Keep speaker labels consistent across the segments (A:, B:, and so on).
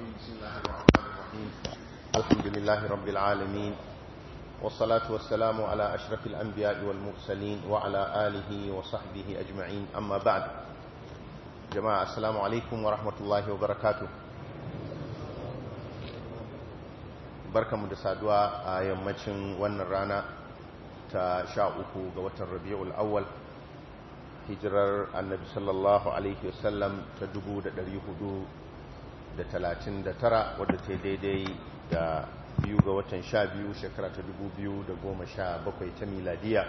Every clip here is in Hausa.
A: بسم الله الرحمن الرحيم
B: الحمد لله رب العالمين والصلاة والسلام على أشرف الأنبياء والمرسلين وعلى آله وصحبه أجمعين أما بعد جماعة السلام عليكم ورحمة الله وبركاته بركة مدسادوا يمتشن ونرانا تشاؤه قوة الربيع الأول hijirar annabi sallallahu alaihi wasallam ta da talatin da tara wadda ta daidai da biyu ga watan sha biyu shekara ta dubu biyu da goma sha bakwai ta miladiya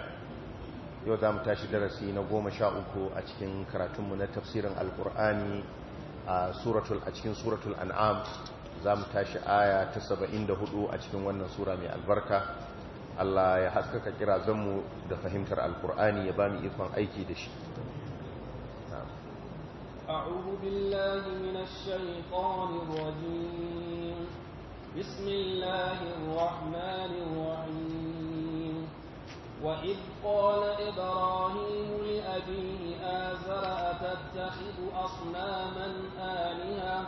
B: yau za mu tashi darasi na goma sha uku a cikin karatunmu na tafsirin alkur'ani a suratul a cikin suratul an'am za mu tashi aya ta saba'in da hudu a cikin wannan sura mai albarka Allah ya haskaka kirazanmu da fahimtar alkur'ani ya ba mu ikon aiki da shi
C: أعوذ بالله من الشيطان الرجيم بسم الله الرحمن الرحيم وإذ قال إبراهيم لأبيه آزر أتتخذ أصناما آلهة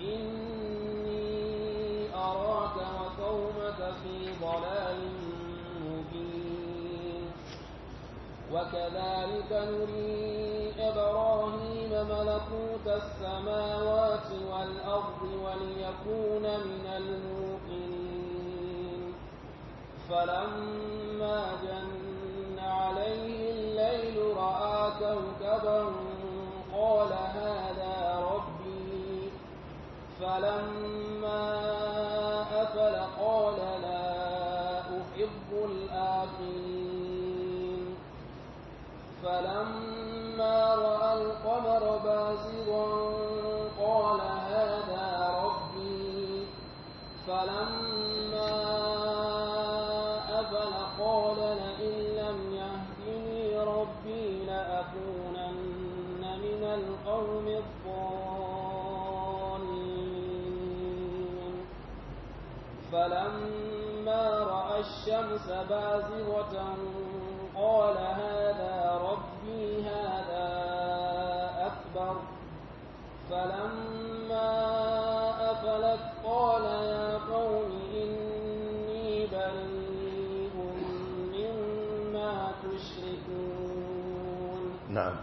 C: إني أراك وقومك في ضلال مبين وكذلك نري إبراهيم ملكوت السماوات والأرض وليكون من الموقنين فلما جن عليه الليل رأى كوكبا قال هذا ربي فلما أفل قال لا أحب الآخرين فلما رَأَى الْقَمَرَ بَازِغًا قَالَ هَذَا رَبِّي فَلَمَّا أَفَلَ قَالَ لَئِن لَّمْ يَهْدِنِي رَبِّي لَأَكُونَنَّ مِنَ الْقَوْمِ الضَّالِّينَ فَلَمَّا رَأَى الشَّمْسَ بَازِغَةً قَالَ هَذَا رَبِّي هَٰذَا فلما أفلت قال يا قوم إني بريء مما
B: تشركون نعم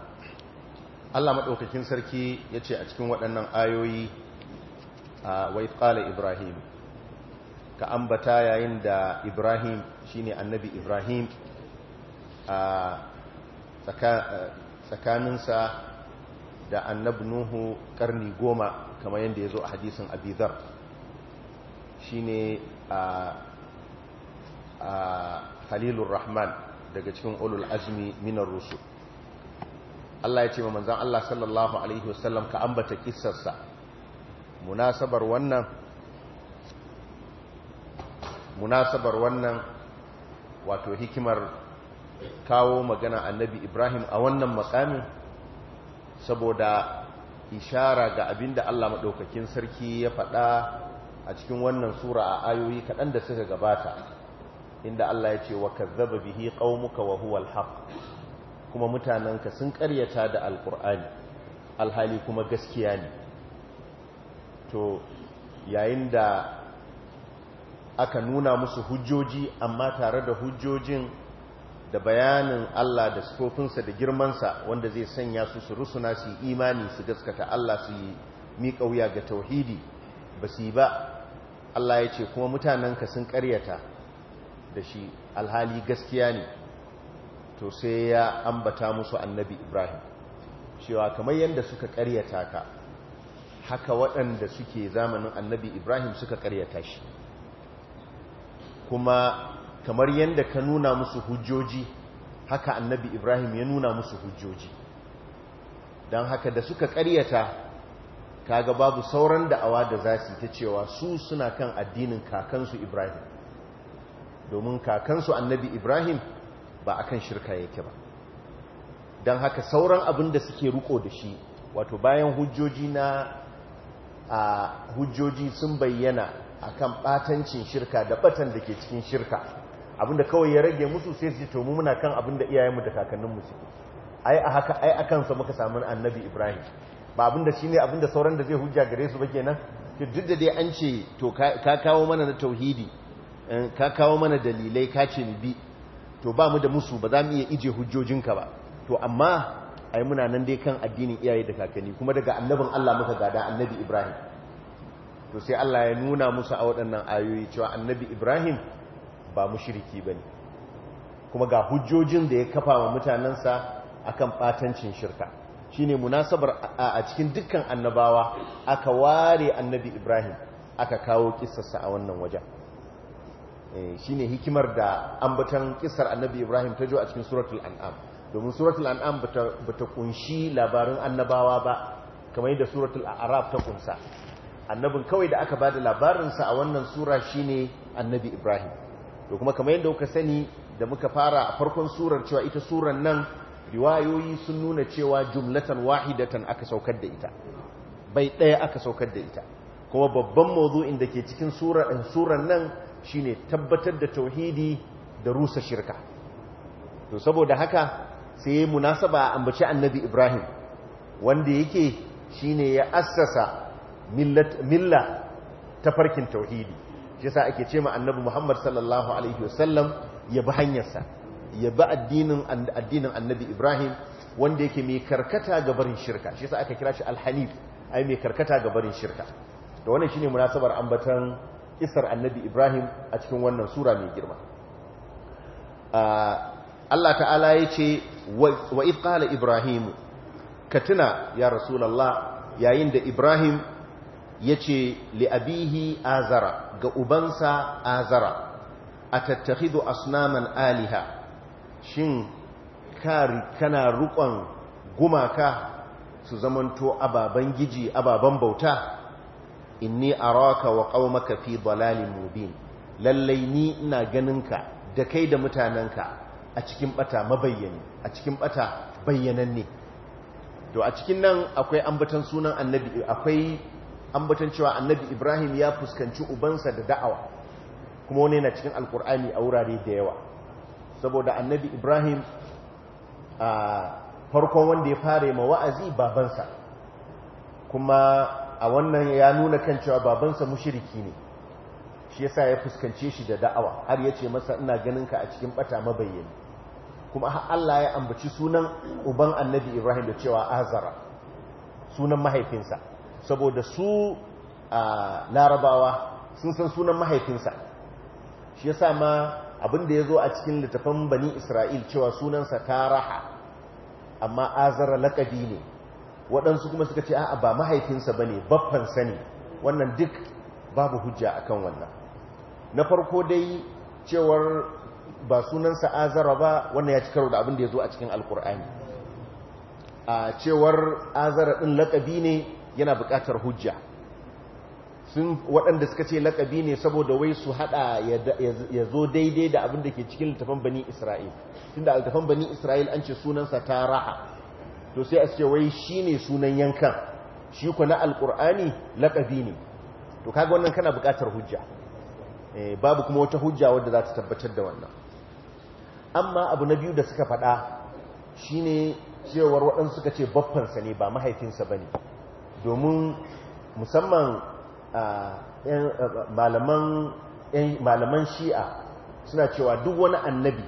B: Allah maɗaukakin sarki ya ce a cikin waɗannan ayoyi a wai ƙala Ibrahim, ka ambata yayin da Ibrahim shi ne annabi Ibrahim tsakaninsa da annabi nuhu karni goma kamar yadda ya zo a hadisin abizar shi ne a halilun rahman daga cikin ulul azmi minar rusu Allah ya ce manzan Allah sallallahu Alaihi wasallam ka ambata kisarsa munasabar wannan munasabar wannan wato hikimar kawo magana annabi Ibrahim a wannan makamin saboda ishara ga abinda Allah maɗaukakin sarki ya faɗa a cikin wannan sura a ayoyi kaɗan da suka gabata inda Allah ya ce wa kazzaba bihi qaumuka wa huwa al-haq kuma mutananka sun ƙaryata da alƙur'ani alhali kuma gaskiya ne to yayin da aka nuna musu hujjoji amma tare da hujjojin da bayanin Allah da sifofinsa da girmansa wanda zai sanya su su rusuna su imani su gaskata Allah su yi miƙa wuya ga tauhidi ba su yi ba Allah ya ce kuma mutanenka sun ƙaryata da shi alhali gaskiya ne to sai ya ambata musu annabi Ibrahim cewa kamar yadda suka ƙaryata ka haka waɗanda suke zamanin annabi Ibrahim suka ƙaryata shi kuma kamar yadda ka nuna musu hujjoji haka annabi ibrahim ya nuna musu hujjoji don haka da suka karyata kaga babu sauran da'awa da za su ta cewa su suna kan addinin kakansu ibrahim domin kakansu annabi ibrahim ba akan shirka yake ba don haka sauran abin da suke ruko da shi wato bayan hujjoji na a hujjoji sun bayyana akan batancin shirka da batan da ke cikin shirka abinda kawai ya rage musu sai su ji to mu muna kan abinda iyayenmu da kakanninmu suke ai a haka ai akan sa muka samu annabi ibrahim ba abinda shine abinda sauran da zai hujja gare su ba kenan to duk da dai an ce to ka kawo mana na tauhidi eh, ka kawo mana dalilai ka ce mu bi to ba mu da musu ba za mu iya ije hujjojinka ba to amma ai muna nan dai kan addinin iyaye da kakanni kuma daga annabin Allah muka gada annabi ibrahim to sai Allah ya nuna musu a waɗannan ayoyi cewa annabi ibrahim ba ba ne kuma ga hujjojin da ya kafa wa mutanensa akan batancin shirka shine munasabar a cikin dukkan annabawa aka ware annabi Ibrahim aka kawo kissarsa a wannan wajen eh, shine hikimar da ambatan kissar annabi Ibrahim ta jo a cikin suratul an'am domin suratul an'am bata kunshi labarin annabawa ba kamar da suratul a'raf ta kunsa annabin kawai da aka ba bada labarinsa a wannan sura shine annabi Ibrahim to kuma kamar yadda kuka sani da muka fara a farkon surar cewa ita surar nan riwayoyi sun nuna cewa jumlatan wahidatan aka saukar da ita bai ɗaya aka saukar da ita kuma babban mawdu'in da ke cikin surar eh, nan shine tabbatar da tauhidi da rusa shirka to saboda haka sai munasaba a ambaci annabi Ibrahim wanda yake shine ya assasa milla ta farkin tauhidi shi yasa ake ce ma annabi Muhammad sallallahu alaihi wasallam ya bi hanyarsa ya bi addinin addinin annabi Ibrahim wanda yake mai karkata ga barin shirka shi yasa aka kira shi al ai mai karkata ga barin shirka Da wannan shine munasabar ambatan isar annabi Ibrahim a cikin wannan sura mai girma Allah ta'ala ya ce wa idh qala ibrahim ka tuna ya rasulullah yayin da Ibrahim yace ce li'abihi azara ga ubansa azara a atattakhidhu asnaman aliha shin kari kana rukon gumaka su zamanto ababen giji ababen bauta In inni raka wa qaumaka fi dalalin mubin lallai ni ina ganinka da kai da mutanenka a cikin bata mabayyani a cikin bata bayyananne to a cikin nan akwai ambatan sunan annabi akwai ambaton cewa annabi ibrahim ya fuskanci ubansa da da'awa kuma wani yana cikin alkur'ani a wurare da yawa saboda annabi ibrahim a farkon wanda ya fara ma wa'azi babansa kuma a wannan ya nuna kan cewa babansa mushiriki ne shi yasa ya fuskance shi da da'awa har ya ce masa ina ganin ka a cikin bata mabayyani kuma Allah ya ambaci sunan uban annabi ibrahim da cewa azara sunan mahaifinsa saboda su a larabawa sun san sunan mahaifinsa shi yasa ma abinda ya zo a cikin littafan bani isra'il cewa sunansa ta raha, amma azara lakabi ne waɗansu kuma suka ce a'a ba mahaifinsa ba ne baffansa ne wannan duk babu hujja akan wannan na farko dai cewar ba sunansa azara ba wannan ya ci karo da abinda ya zo a cikin alkur'ani a cewar azara ɗin lakabi ne yana buƙatar hujja sun waɗanda suka ce laƙabi ne saboda wai su haɗa ya zo daidai da abin da ke cikin littafan bani isra'il tun da littafan bani isra'il an ce sunansa ta raha to sai a ce wai shi ne sunan yankan shi ku na alƙur'ani laƙabi ne to kaga wannan kana buƙatar hujja eh, babu kuma wata hujja wadda za ta tabbatar da wannan amma abu na biyu da suka faɗa shine cewar waɗansu suka ce baffansa ne ba mahaifinsa ba ne domin musamman malaman shi'a suna cewa duk wani annabi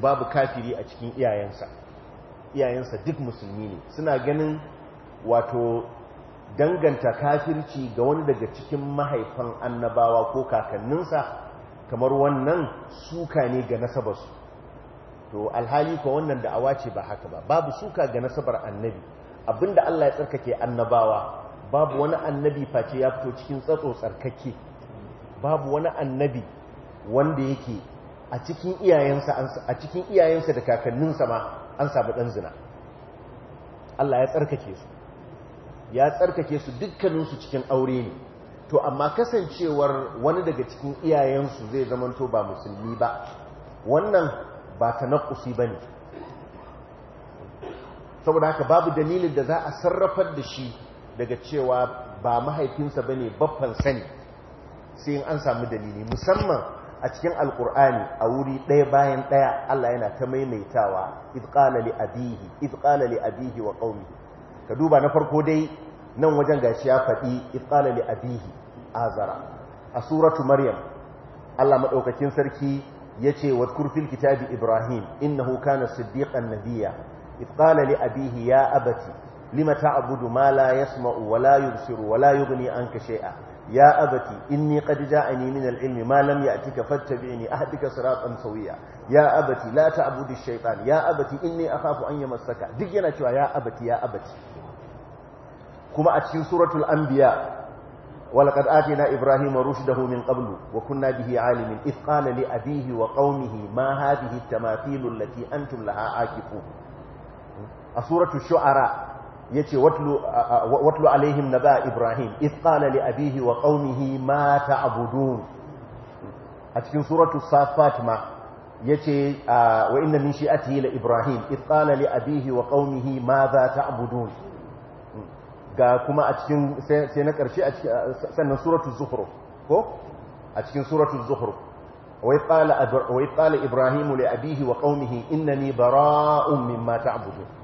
B: babu kafiri a cikin iyayensa iyayensa duk musulmi ne suna ganin wato danganta kafirci ga wani daga cikin mahaifan annabawa ko kakanninsa kamar wannan suka ne ga nasabarsu to alhali ko wannan da'awa ce ba haka ba babu suka ga nasabar annabi abinda Allah ya tsarkake annabawa babu wani annabi face ya fito cikin tsatso tsarkake babu wani annabi wanda yake a cikin iyayensa a cikin iyayensa da kakanninsa ma an samu dan zina Allah ya tsarkake su ya tsarkake su dukkaninsu cikin aure ne to amma kasancewar wani daga cikin iyayensu zai zamanto ba musulmi ba wannan ba ta naƙusi ba ne saboda haka babu dalilin da za a sarrafar da shi daga cewa ba mahaifinsa ba ne babban sani sai in an samu dalili musamman a cikin alkur'ani a wuri ɗaya bayan ɗaya Allah yana ta maimaitawa idqala li abihi idqala li abihi wa ƙauni. ka duba na farko dai nan wajen gashi ya faɗi idqala li abihi azara a suratu maryam Allah Maɗaukakin sarki ya ce, wadkur kurfin kitabi ibrahim innahu kana siddiqan nabiyya إذ قال لأبيه يا أبتي لم تعبد ما لا يسمع ولا يبصر ولا يغني عنك شيئا يا أبتي إني قد جاءني من العلم ما لم يأتك فاتبعني أهدك صراطا سويا يا أبتي لا تعبد الشيطان يا أبتي إني أخاف أن يمسك دقنا شوى يا أبتي يا أبتي كما أتشين سورة الأنبياء ولقد آتنا إبراهيم رشده من قبل وكنا به عالم إذ قال لأبيه وقومه ما هذه التماثيل التي أنتم لها عاكفون a suratul shu'ara yace watlu watlu alaihim naba ibrahim id qala li abihi wa qaumihi ma ta'budun a cikin suratul safat ma yace wa inna min shi'atihi la ibrahim id qala li abihi wa qaumihi ma za ta'budun ga kuma a cikin sai na karshe a cikin, sannan suratul zukhruf ko a cikin suratul zukhruf wa id qala wa id qala ibrahimu li abihi wa qaumihi innani bara'un mimma ta'budun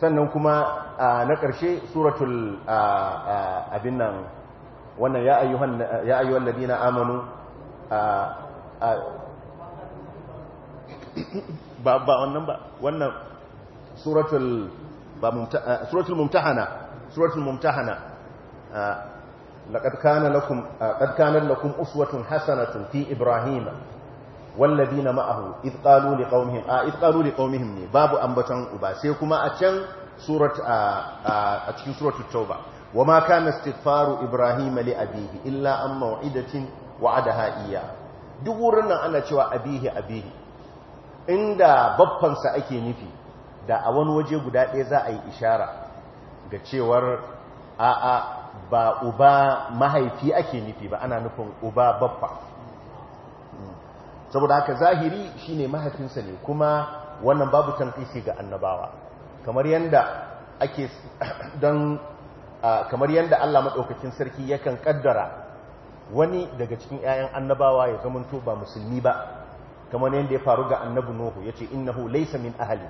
B: sannan kuma na ƙarshe suratul abin nan wannan ya ayyuhan ladina amanu ba wannan ba wannan suratul mumtahana suratul mumtahana لقد كان لكم قد كان لكم اسوه حسنه في ابراهيم wallazi na ma'ahu itqalu liqaumihim a itqalu liqaumihim ne babu ambaton uba sai kuma a can surat a cikin surat tauba wama kana istighfaru ibrahima li abihi illa an maw'idatin wa'adaha iya duk wurin nan ana cewa abihi abihi inda babban sa ake nufi da a wani waje guda ɗaya za a yi ishara ga cewar a a ba uba mahaifi ake nufi ba ana nufin uba babba saboda haka zahiri shine mahaifinsa ne kuma wannan babu tanqisi ga annabawa kamar yadda ake don kamar yanda Allah maɗaukacin sarki yakan kaddara wani daga cikin 'ya'yan annabawa ya to ba musulmi ba kamar yanda ya faru ga annabi Nuhu ya ce innahu laisa min ahali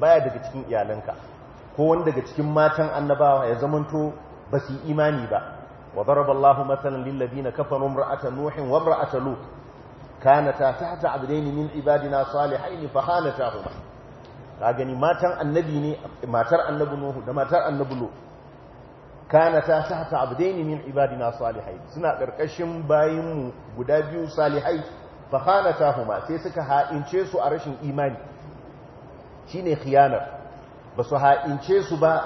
B: baya daga cikin iyalanka ko wani daga cikin matan annabawa ya zamanto ba su imani ba wa daraballahu mathalan lil na kafa imra'ata nuhin wa imra'ata lut kanata tahta abdaini min ibadina salihaini fa khanatahuma ka gani matan annabi ne matar annabi nuhu da matar annabi lut kanata tahta abdaini min ibadina salihai suna ƙarƙashin bayinmu guda biyu salihai fa khanatahuma sai suka ha'ince su a rashin imani shine khiyanar ba su ha'ince su ba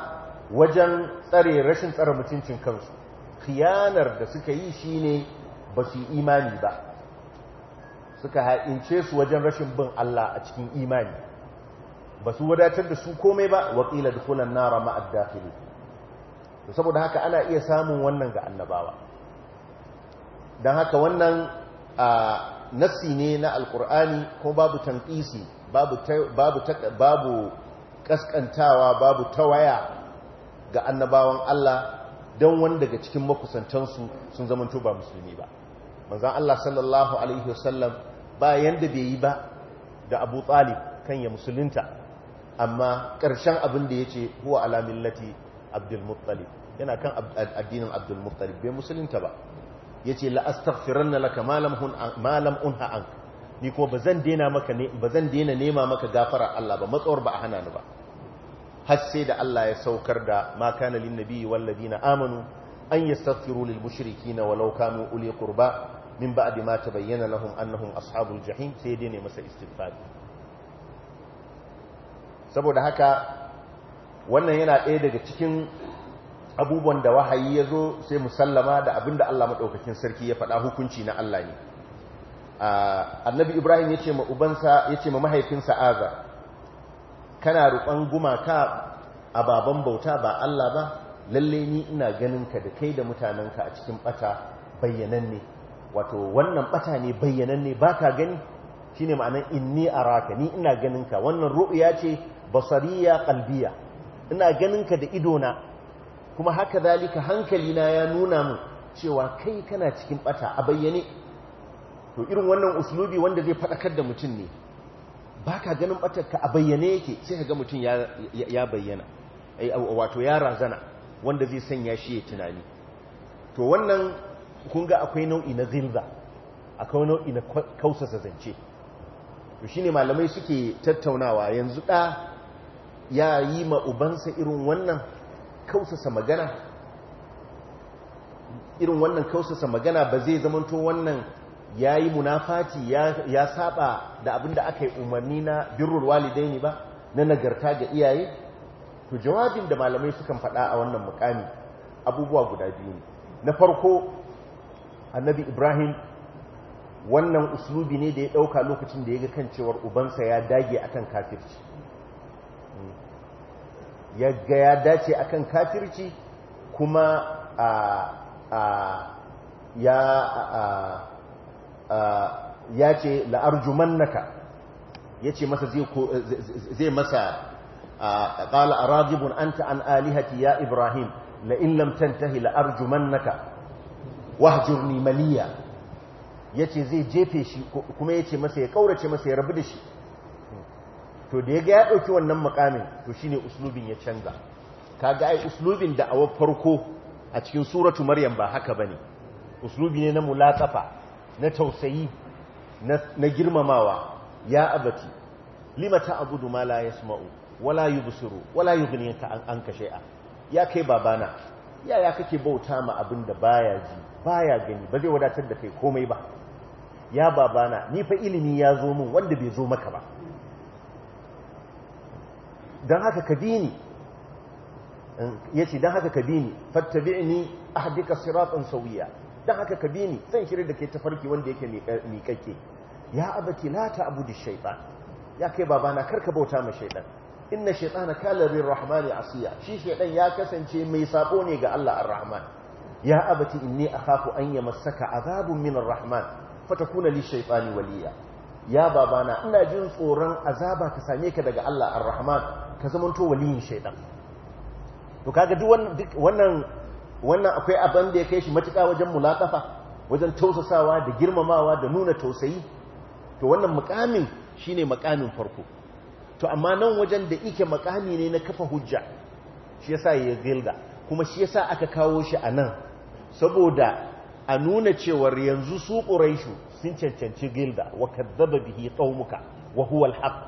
B: wajen tsare rashin tsare mutuncin kansu khiyanar da suka yi shine ba su imani ba suka ha'ince su wajen rashin bin Allah a cikin imani ba su wadatar da su komai ba waƙila da dukulan nara ma'ad da saboda haka ana iya samun wannan ga annabawa don haka wannan nassi ne na alkur'ani ko babu tankisi babu kaskantawa babu tawaya ga annabawan Allah don wani daga cikin makusantansu sun zamanto ba musulmi ba manzan Allah sallallahu Alaihi wasallam ba da bai yi ba da abu talib kan ya musulunta amma ƙarshen abin da ya ce huwa ala millati abdulmuttalib yana kan addinin abdulmuttalib bai musulunta ba ya ce la'astaghfiranna laka malam unha an ni ko ba zan daina ba zan daina nema maka gafara Allah ba matsawar ba a hana ni ba har sai da Allah ya saukar da makanalin kana lin na amanu an yastaghfiru mushiriki na walau kanu uli qurba min ba'di ma tabayyana lahum annahum ashabul jahim sai dai ne masa istighfar saboda haka wannan yana ɗaya daga cikin abubuwan da wahayi ya zo sai musallama da abinda da Allah maɗaukakin sarki ya faɗa hukunci na Allah ne annabi ibrahim ya ce ma ubansa ya ma mahaifinsa aza kana roƙon gumaka a baban bauta ba Allah ba lalle ni ina ganin ka da kai da mutanenka a cikin ɓata bayyananne wato wannan bata ne ne ba ka gani shine ma'anar inni araka ni ina ganin ka wannan ru'uya ce basariya ƙalbiya ina ganin ka da idona kuma haka zalika hankali na ya nuna mu cewa kai kana cikin bata a bayyane to irin wannan uslubi wanda zai fadakar da mutum ne ba ka ganin batar a bayyane yake sai ka ga mutum ya bayyana eh, wato ya razana wanda zai sanya shi ya tunani to wannan kun ga akwai nau'i na zilza akwai nau'i na kausasa zance to shine malamai suke tattaunawa yanzu da ya yi ma ubansa irin wannan kausasa magana irin wannan kausasa magana ba zai zamanto wannan ya yi munafati ya saba da abinda aka yi umarni na birrul walidaini ba na nagarta ga iyaye to jawabin da malamai sukan faɗa a wannan mukami abubuwa guda biyu ne na farko annabi ibrahim wannan uslubi ne da ya ɗauka lokacin da ya ga kan cewar ubansa ya dage akan kafirci ya ga ya dace akan kafirci kuma ya ce la'arjumannaka ya ce masa zai masa ƙala a ragibun an ta'an alihati ya ibrahim la'in lamtantahi naka wahjurni maliya yace zai jefe shi kuma yace masa ya kaurace masa ya rabu da shi to da ya ga ya ɗauki wannan mukamin to shine uslubin ya canza kaga ai uslubin da awar farko a cikin suratu maryam ba haka bane uslubi ne na mulatsafa na tausayi na girmamawa ya abati lima gudu ma la yasma'u wala yubsiru wala yughni an kashe'a ya kai babana yaya kake bauta ma abin da baya ji baya gani ba zai wadatar da kai komai ba ya babana ni fa ilimi ya zo min wanda bai zo maka ba don haka ka bi ni ya ce don haka ka bi ni fattabi ni a siratun sauya don haka ka bi ni zan shirya da ke tafarki wanda yake miƙaƙe ya abaki la ta abu ya kai babana karka bauta ma shaiɗan inna shaiɗana kalarin rahman asiya shi shaiɗan ya kasance mai sabo ne ga allah ar-rahman ya abati inni akhafu an yamassaka azabun min arrahman fatakuna li shaytani waliya ya babana ina jin tsoron azaba ka same ka daga Allah arrahman ka zamanto waliyin shaytan to kaga duk wannan wannan akwai abin da ya kai shi matuƙa wajen mulatafa wajen tausasawa da girmamawa da nuna tausayi to wannan mukamin shine mukamin farko to amma nan wajen da ike mukami ne na kafa hujja shi yasa ya gilda kuma shi yasa aka kawo shi a nan saboda a nuna cewar yanzu su ƙuraishu sun cancanci gilda wa kaddaba bihi qaumuka wa huwa alhaq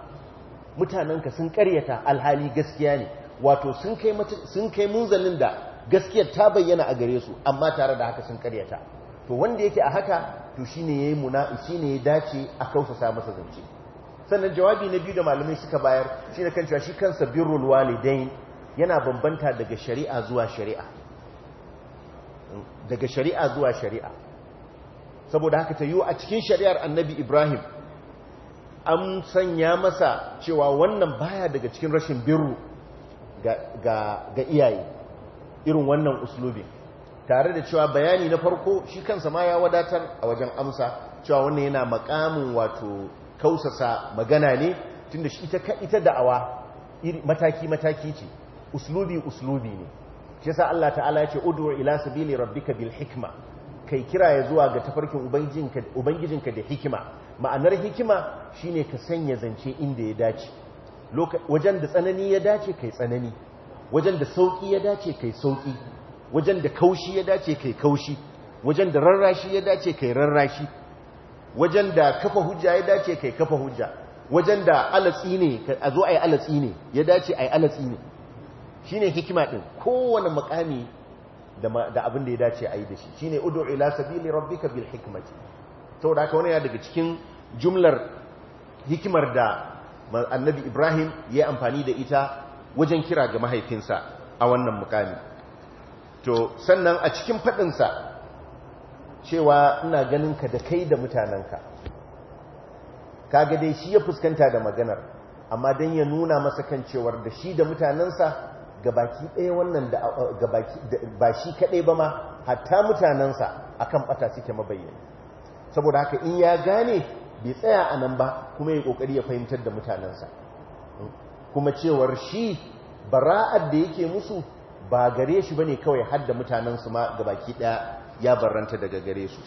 B: mutananka sun ƙaryata alhali gaskiya ne wato sun kai sun munzalin da gaskiyar ta bayyana a gare su amma tare da haka sun ƙaryata. to wanda yake a haka to shine yayi muna shine ya dace a kausasa masa zance sannan jawabi na biyu da malamai suka bayar shine kan cewa shi kansa birrul walidain yana bambanta daga shari'a zuwa shari'a daga shari'a zuwa shari'a saboda haka ta yi a cikin shari'ar annabi ibrahim an sanya masa cewa wannan baya daga cikin rashin birru ga iyaye irin wannan uslubin tare da cewa bayani na farko shi kansa ma ya wadatar a wajen amsa cewa wannan yana makamin wato kausasa magana ne tunda shi ita da'awa mataki-mataki ce uslubi-uslubi ne shi yasa Allah ta'ala ya ce ud'u ila sabili rabbika bil hikma kai kira ya zuwa ga tafarkin ubangijinka ubangijinka da hikima ma'anar hikima shine ka sanya zance inda ya dace wajen da tsanani ya dace kai tsanani wajen da sauki ya dace kai sauki wajen da kaushi ya dace kai kaushi wajen da rarrashi ya dace kai rarrashi wajen da kafa hujja ya dace kai kafa hujja wajen da alatsi ne a zo ai alatsi ne ya dace ai alatsi ne shine hikima din kowane mukami da abin da ya dace a yi da shi shine ud'u ila sabili rabbika bil hikmati saboda ka wani ya daga cikin jumlar hikimar da annabi Ibrahim ya yi amfani da ita wajen kira ga mahaifinsa a wannan mukami to sannan a cikin faɗinsa cewa ina ganin ka da kai da mutananka. kaga dai shi ya fuskanta da maganar amma don ya nuna masa kan cewar da shi da mutanensa gabaki ɗaya wannan uh, da ba shi kaɗai ba ma hatta mutanensa kan ɓata suke mabayyana saboda haka in ya gane bai tsaya a nan ba kuma ya ƙoƙari ya fahimtar da mutanensa hmm? kuma cewar shi bara'ar da yake musu ba gare shi bane kawai har da mutanensu ma gabaki ɗaya ya barranta daga gare su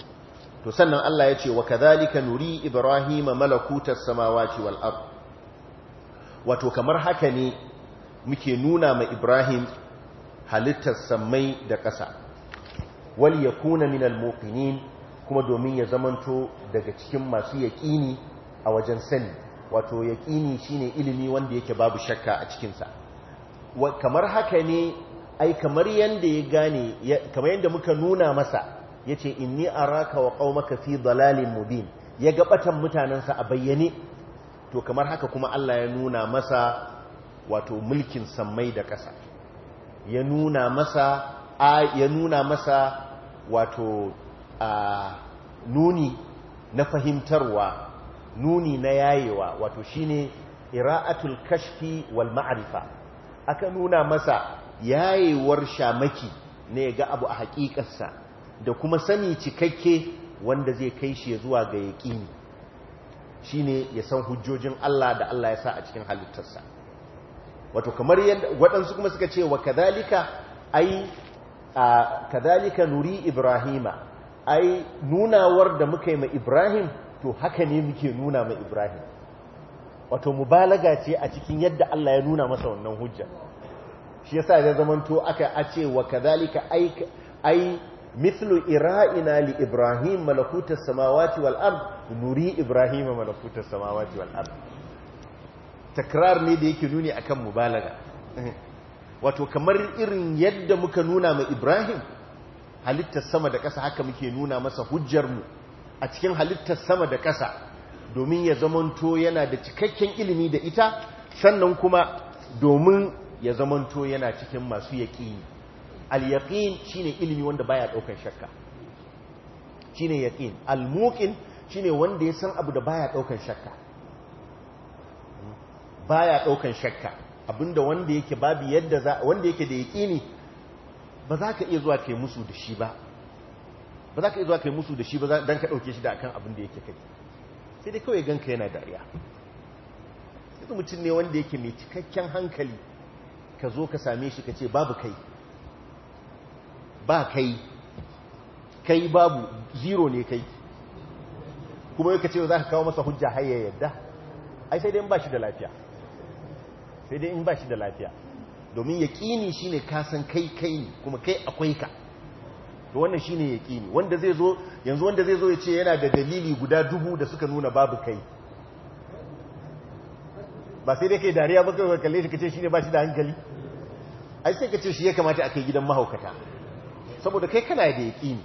B: to sannan Allah ya ce wa kadhalika nuri ibrahima malakutas samawati wal ard wato kamar haka ne muke nuna ma Ibrahim halittar samai da ƙasa wal kuna minal muqinin kuma domin ya zamanto daga cikin masu yaƙini a wajen sani wato yaƙini shine ilimi wanda yake babu shakka a cikinsa kamar haka ne ai kamar yadda ya gane kamar yadda muka nuna masa yace inni araka wa qaumaka fi dalalin mubin ya ga batan mutanensa a bayyane to kamar haka kuma Allah ya nuna masa wato mulkin sammai da ƙasa ya nuna masa ya nuna masa wato a nuni na fahimtarwa nuni na yayewa wato shine ira'atul kashfi wal ma'rifa aka nuna masa yayewar shamaki ne ga abu a haƙiƙarsa. da kuma sani cikakke wanda zai kai shi zuwa ga yaqini shine ya san hujjojin Allah da Allah ya sa a cikin halittarsa wato kamar yadda waɗansu kuma suka ce wa kadhalika ai kadalika nuri ibrahima ai nunawar da muka yi ma ibrahim to haka ne muke nuna ma ibrahim wato mubalaga ce a cikin yadda Allah ya nuna masa wannan hujja shi yasa ya zamanto aka a ce wa kadalika ai ai mithlu ira'ina li ibrahim malakutar samawati walar nuri Ibrahim malakutar samawati wal takrar ne da yake nuni akan mubalaga wato kamar irin yadda muka nuna ma Ibrahim halittar sama da ƙasa haka muke nuna masa hujjar mu a cikin halittar sama da ƙasa domin ya zamanto yana da cikakken ilimi da ita sannan kuma domin ya zamanto yana cikin masu yaƙini al-yaqin shine ilimi wanda baya daukar shakka shine yaqin al-muqin shine wanda ya san abu da baya ɗaukan shakka baya daukan shakka abinda wanda yake babu yadda za wanda yake da yaqini ba za ka iya zuwa kai musu da shi ba ba za ka iya zuwa kai musu da shi ba dan ka dauke shi da akan abin da yake kai sai dai kawai ganka yana dariya sai mutum ne wanda yake mai cikakken hankali ka zo ka same shi ka ce babu kai ba kai kai babu zero ne kai kuma yau ka ce za ka kawo masa hujja har ya yadda ai sai dai ba shi da lafiya sai dai in ba shi da lafiya domin yaƙini shine ne kasan kai kai ne kuma kai akwai ka to wannan shine yaƙini wanda zai zo yanzu wanda zai zo ya ce yana da dalili guda dubu da suka nuna babu kai ba sai dai kai dariya ba kai kalle shi kace ne ba shi da hankali ai sai kace shi ya kamata a kai gidan mahaukata saboda kai kana da yaƙini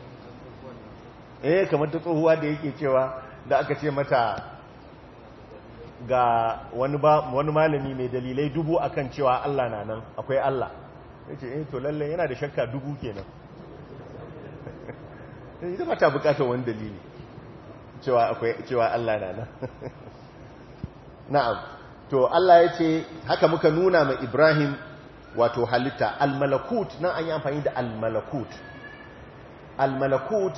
B: eh kamar ta tsohuwa da yake cewa da aka ce mata ga wani malami mai dalilai dubu a kan cewa Allah na nan akwai Allah ya ce eh to lallai yana da shakka dubu kenan eh, ita ba ta bukatar wani dalili cewa akwai cewa Allah na nan na'am to Allah ya ce haka muka nuna ma Ibrahim wato halitta al-malakut nan an yi amfani da al-malakut al-malakut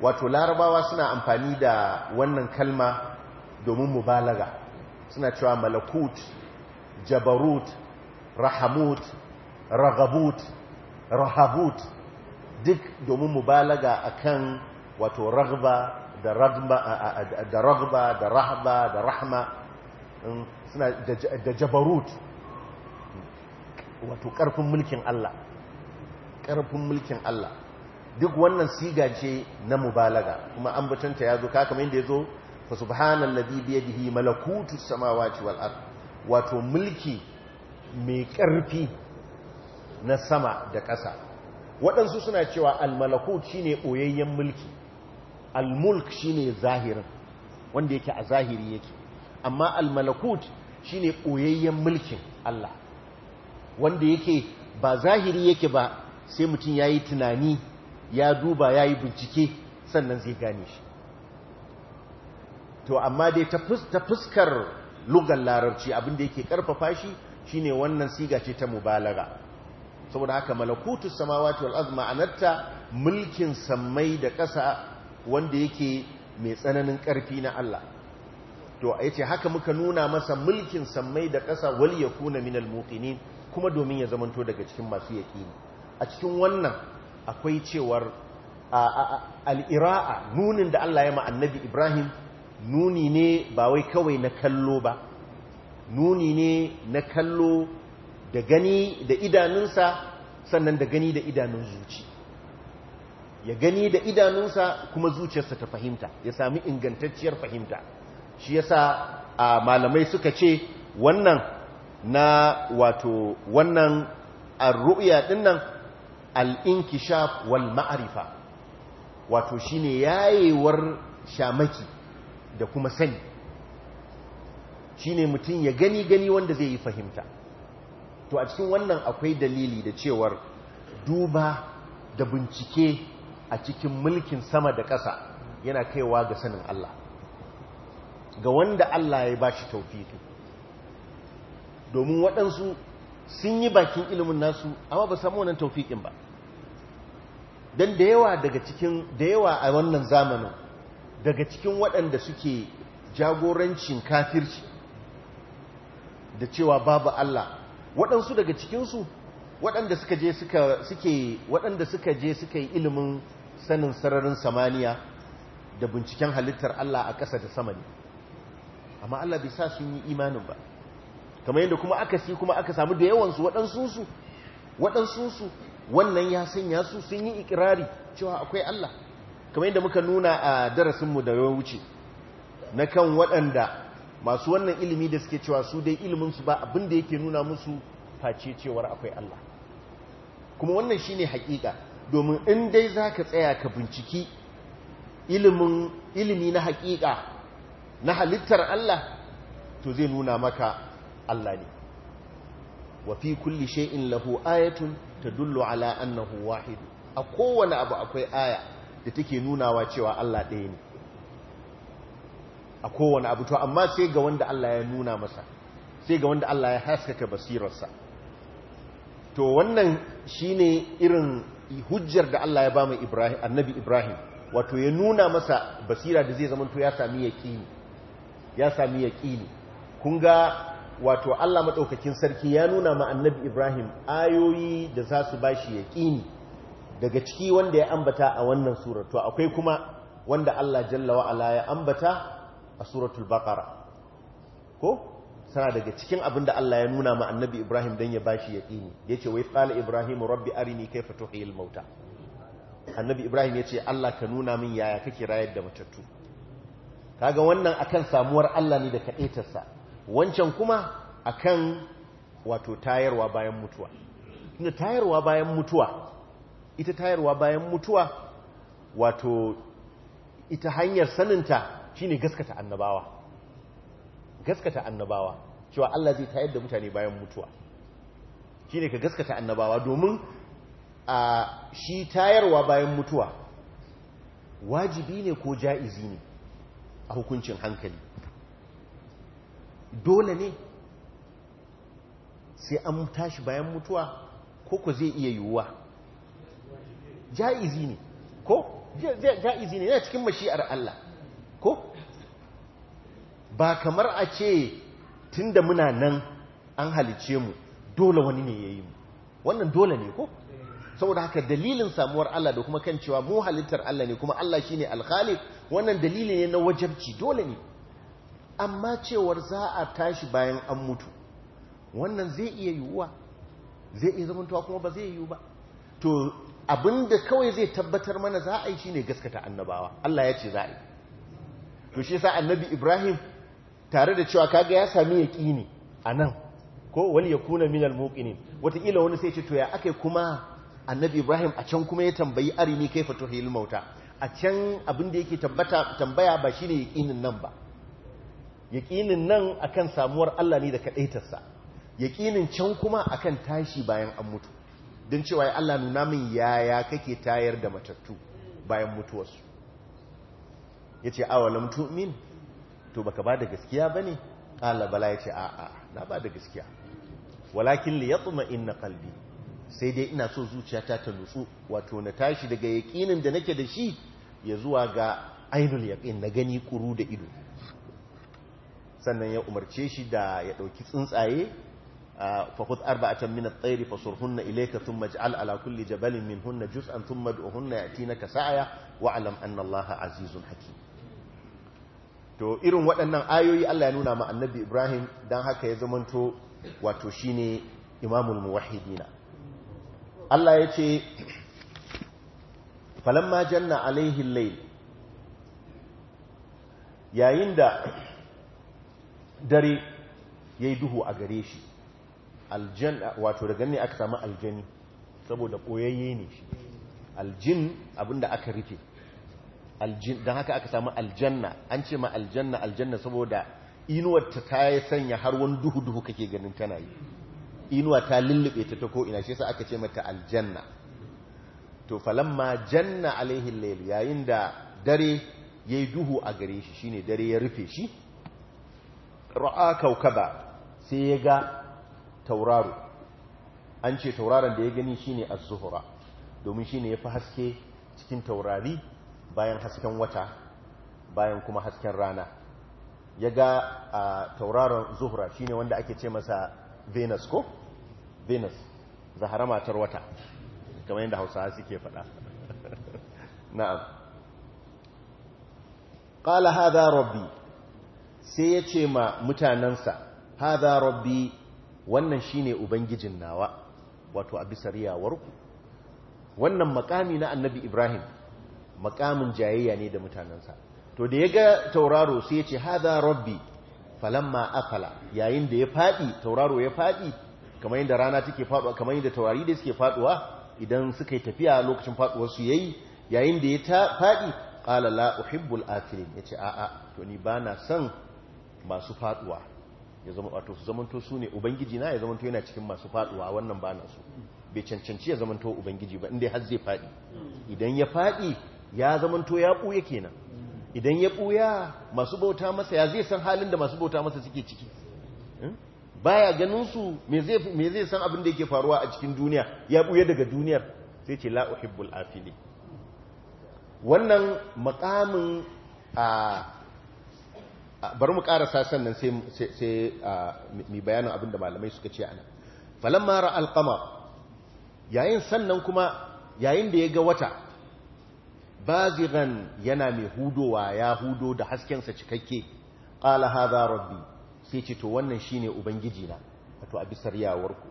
B: wato larabawa suna amfani da wannan kalma domin mubalaga suna cewa malakut jabarut rahamut ragabut rahabut duk domin mubalaga akan wato ragba da ragba da rahba da rahma mm, suna da jabarut wato karfin mulkin Allah Karfin mulkin Allah duk wannan siga ce na mubalaga kuma an ya zo kakamai da ya zo fa subhanan ladhi bi yadihi malakutu samawati wal ard wato mulki mai karfi na sama da ƙasa waɗansu suna cewa al-malakut shine ɓoyayyen mulki al-mulk shine zahirin wanda yake a zahiri yake amma al-malakut shine ɓoyayyen mulkin Allah wanda yake ba zahiri yake ba sai mutum yayi tunani ya duba yayi bincike sannan zai gane shi to amma dai ta fuskar lugar larabci abinda yake karfafa shi shine wannan siga ce ta mubalaga saboda haka malakutu samawati wal azma anatta mulkin samai da ƙasa wanda yake mai tsananin ƙarfi na Allah to yace haka muka nuna masa mulkin samai da ƙasa wal yakuna minal muqinin kuma domin ya zamanto daga cikin masu yaqini a cikin wannan akwai cewar al nunin da Allah ya ma annabi Ibrahim nuni ne ba wai kawai na kallo ba nuni ne na kallo da gani da idanunsa sannan da gani da idanun zuci ya gani da idanunsa kuma zuciyarsa ta fahimta ya sami ingantacciyar fahimta shi yasa a malamai suka ce wannan na wato wannan arru'ya dinnan al-inkishaf wal ma'rifa wato shine yayewar shamaki da kuma sani shine mutum ya gani gani wanda zai yi fahimta to a cikin wannan akwai dalili da cewar duba da bincike a cikin mulkin sama da ƙasa yana kaiwa ga sanin Allah ga wanda Allah ya bashi taufiki domin waɗansu sun yi bakin ilimin nasu amma ba samu wannan taufikin ba don yawa daga cikin da yawa a wannan zamanin daga cikin waɗanda suke jagorancin kafirci da cewa babu Allah waɗansu daga cikinsu waɗanda suka je suka suke je suka yi ilimin sanin sararin samaniya da binciken halittar Allah a ƙasa da sama ne amma Allah bai sa sun yi imanin ba kamar yadda kuma aka si kuma aka samu da yawansu waɗansu su wannan ya sanya su sun yi ikirari cewa akwai Allah kamar yadda muka nuna a darasinmu da ya wuce na kan waɗanda masu wannan ilimi da suke cewa su dai iliminsu ba abin da yake nuna musu face cewar akwai Allah kuma wannan shine hakika domin in dai za ka tsaya ka binciki ilimi na hakika na halittar Allah to zai nuna maka Allah ne wa fi kulli shay'in lahu ayatun tadullu ala annahu wahid a kowane abu akwai aya da take nunawa cewa Allah ɗaya ne a kowane abu to amma sai ga wanda Allah ya nuna masa sai ga wanda Allah ya haskaka basirarsa to wannan shine irin hujjar da Allah ya ba mu annabi Ibrahim wato ya nuna masa basira da zai zamanto ya sami yaqini ya sami yaqini kun ga wato Allah madaukakin sarki ya nuna ma annabi Ibrahim ayoyi da za su bashi yaqini daga ciki wanda ya ambata a wannan sura to akwai kuma wanda Allah jalla wa ala ya ambata a suratul baqara ko sana daga cikin abin da Allah ya nuna ma annabi Ibrahim dan ya bashi yaqini yace wai qala ibrahim rabbi arini kayfa tuhyi mauta annabi Ibrahim yace Allah ka nuna min yaya kake rayar da matattu kaga wannan akan samuwar Allah ne da kadaitarsa wancan kuma akan wato tayarwa bayan mutuwa tunda tayarwa bayan mutuwa ita tayarwa bayan mutuwa wato ita hanyar saninta shine gaskata annabawa gaskata annabawa cewa Allah zai tayar da mutane bayan mutuwa shine ka gaskata annabawa domin a shi tayarwa bayan mutuwa wajibi ne ko ja'izi ne a hukuncin hankali dole ne sai an tashi bayan mutuwa ko ku zai iya yiwuwa ja'izi ne ko ja'izi ne yana cikin mashi'ar Allah ko ba kamar a ce tunda muna nan an halice mu dole wani ne yayi mu wannan dole ne ko saboda haka dalilin samuwar Allah da kuma kan cewa mu halittar Allah ne kuma Allah shi ne khaliq wannan dalili ne na wajabci dole ne amma cewar za a tashi bayan an mutu wannan zai iya yiwuwa zai iya zamantowa kuma ba zai yiwu ba to abinda kawai zai tabbatar mana za a yi shi ne gaskata annabawa Allah ya ce za a yi to shi sa annabi Ibrahim tare da cewa kaga ya sami a nan ko wani ya kuna minal muqinin wataƙila wani sai ce to ya aka kuma annabi Ibrahim a can kuma ya tambayi arini fato tuhil mauta a can abinda yake tabbata tambaya ba shi shine yaqinin nan ba Yaƙinin nan akan samuwar Allah ne da kadaitarsa Yaƙinin can kuma akan tashi bayan an mutu don cewa ya Allah nuna min yaya kake tayar da matattu bayan mutuwarsu ya ce awalam tu'min to baka ba da gaskiya ba ne ƙala bala ya ce a'a na ba da gaskiya walakin li yatma inna kalbi sai dai ina so zuciyata ta nutsu wato na tashi daga yaƙinin da nake da shi ya zuwa ga ainul yaƙin na gani kuru da ido sannan ya umarce shi da ya ɗauki tsuntsaye فخذ أربعة من الطير فصرهن إليك ثم اجعل على كل جبل منهن جزءا ثم ادعهن يأتينك سعيا واعلم أن الله عزيز حكيم to irin waɗannan ayoyi Allah ya nuna ma annabi Ibrahim don haka ya zamanto wato shine imamul muwahidina Allah ya ce falamma janna alaihi layl yayin da dare yayi duhu a gare shi aljin wato daga ne aka samu aljani saboda koyayye ne shi aljin abinda aka rufe aljin don haka aka samu aljanna an ce ma aljanna aljanna saboda inuwar ta ta sanya har wani duhu duhu kake ganin tana yi inuwa ta lullube ta ta ko ina shi yasa aka ce mata aljanna to falamma janna alaihi layl yayin da dare yayi duhu a gare shi shine dare ya rufe shi ra'a kaukaba sai ya ga tauraro an ce tauraron da ya gani shine az-zuhra domin shine fi haske cikin taurari bayan hasken wata bayan kuma hasken rana ya ga tauraron zuhra shine wanda ake ce masa venus ko venus zahara matar wata kamar yadda hausawa suke faɗa na'am qala hadha rabbi sai ya ce ma mutanansa hadha rabbi wannan shine ubangijin nawa wato a bisa riyawarku wannan makami na annabi ibrahim makamin jayayya ne da mutanensa to da ya ga tauraro sai ya ce haza rabbi falamma akala yayin da ya faɗi tauraro ya faɗi kamar yadda rana take faɗuwa kamar yadda taurari da suke faɗuwa idan suka yi tafiya lokacin faɗuwarsu yayi yayin da ya faɗi qala la uhibbul afilin yace a'a to ni bana son masu faɗuwa ya zama wato su zamanto su ne ubangiji na ya zamanto yana cikin masu faduwa wannan ba na su bai cancanci ya zamanto ubangiji ba inda har zai fadi idan ya fadi ya zamanto ya buya kenan idan ya buya masu bauta masa ya zai san halin da masu bauta masa suke ciki hmm? baya ganin su me zai san abin da yake faruwa a cikin duniya ya buya daga duniyar sai ce la uhibbul afili wannan makamin a bari mu ƙara sa sannan sai mai bayanin abin da malamai suka ce ana falon mara alkama yayin sannan kuma yayin da ya ga wata baziran yana mai hudowa ya hudo da haskensa cikakke ƙala haza rabbi sai ce to wannan shi ne ubangiji na wato a bisar yawarku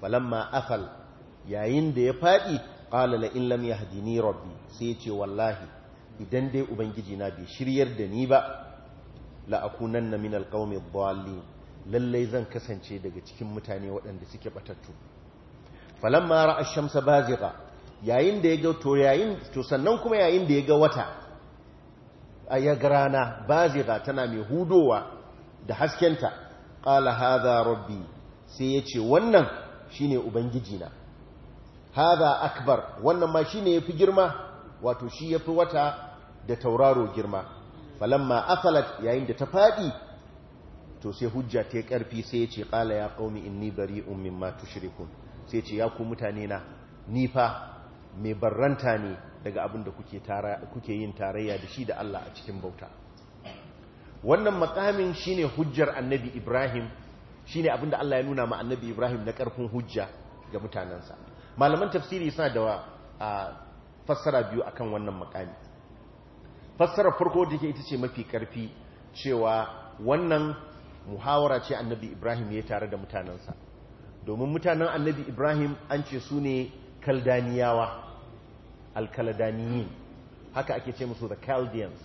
B: falon ma afal yayin da ya faɗi ƙala in lam ya hadini rabbi sai ce wallahi idan dai ubangiji na bai shiryar da ni ba la'akunanna min alqawmi dhalin lallai zan kasance daga cikin mutane waɗanda suke batattu falamma ra'a shamsa bazigha yayin da ga to yayin to sannan kuma yayin da ya ga wata ya rana bazigha tana mai hudowa da haskenta qala hadha rabbi sai yace wannan shine ubangijina hadha akbar wannan ma shine yafi girma wato shi yafi wata da tauraro girma falamma asalat yayin da ta fadi to sai hujja ta karfi sai ya ce qala ya qaumi inni bari'un mimma tushrikun sai ce ya ku mutane na nifa fa mai barranta ne daga abin da kuke tara kuke yin tarayya da shi da Allah a cikin bauta wannan makamin shine hujjar annabi Ibrahim shine abin da Allah ya nuna ma annabi Ibrahim na karfin hujja ga mutanansa malaman tafsiri suna da fassara biyu akan wannan makami Fassara farko da ke ita ce mafi karfi cewa wannan muhawara ce annabi ibrahim ya tare da mutanensa domin mutanen annabi ibrahim an ce su ne kaldaniyawa alkaladaniyin haka ake ce musu the chaldeans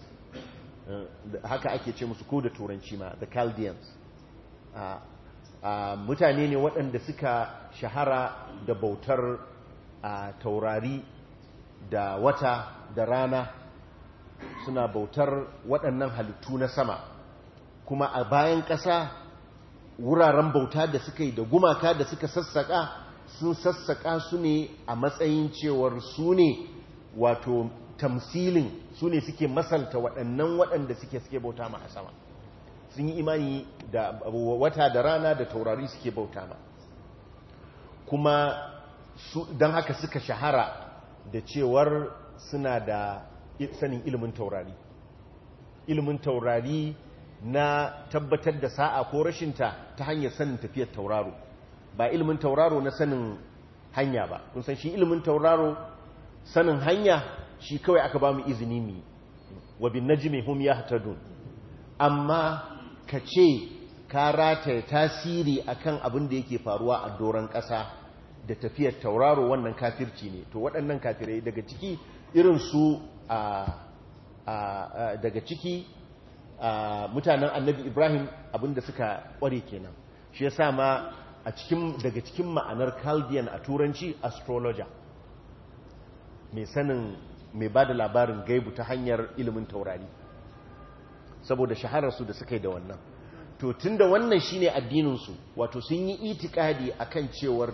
B: eh, haka ake ce musu ko da turanci ma the chaldeans ah, ah, mutane ne waɗanda suka shahara da bautar ah, taurari da wata da rana suna bautar waɗannan halittu na sama kuma a bayan ƙasa wuraren bauta da suka yi da gumaka da suka sassaƙa sun sassaƙa su ne a matsayin cewar su ne wato tamsilin su ne suke masalta waɗannan waɗanda suke suke bauta ma a sama sun yi imani da wata da rana da taurari suke bauta ma kuma don haka suka shahara da cewar suna da sanin ilimin taurari ilimin taurari na tabbatar da sa'a ko rashinta ta hanyar sanin tafiyar tauraro ba ilimin tauraro na sanin hanya ba kun san shi ilimin tauraro sanin hanya shi kawai aka ba mu izini mi wa bin najmi hum yahtadun amma ka ce ka rata tasiri akan abin da yake faruwa a doron ƙasa da tafiyar tauraro wannan kafirci ne to waɗannan kafirai daga ciki irin su daga ciki mutanen annabi ibrahim abinda suka kware kenan shi ya sa ma daga cikin ma'anar chaldean a turanci astrologer mai sanin mai ba da labarin gaibu ta hanyar ilimin taurari saboda shahararsu da suka yi da wannan to tun da wannan shine addininsu wato sun yi itikadi kan cewar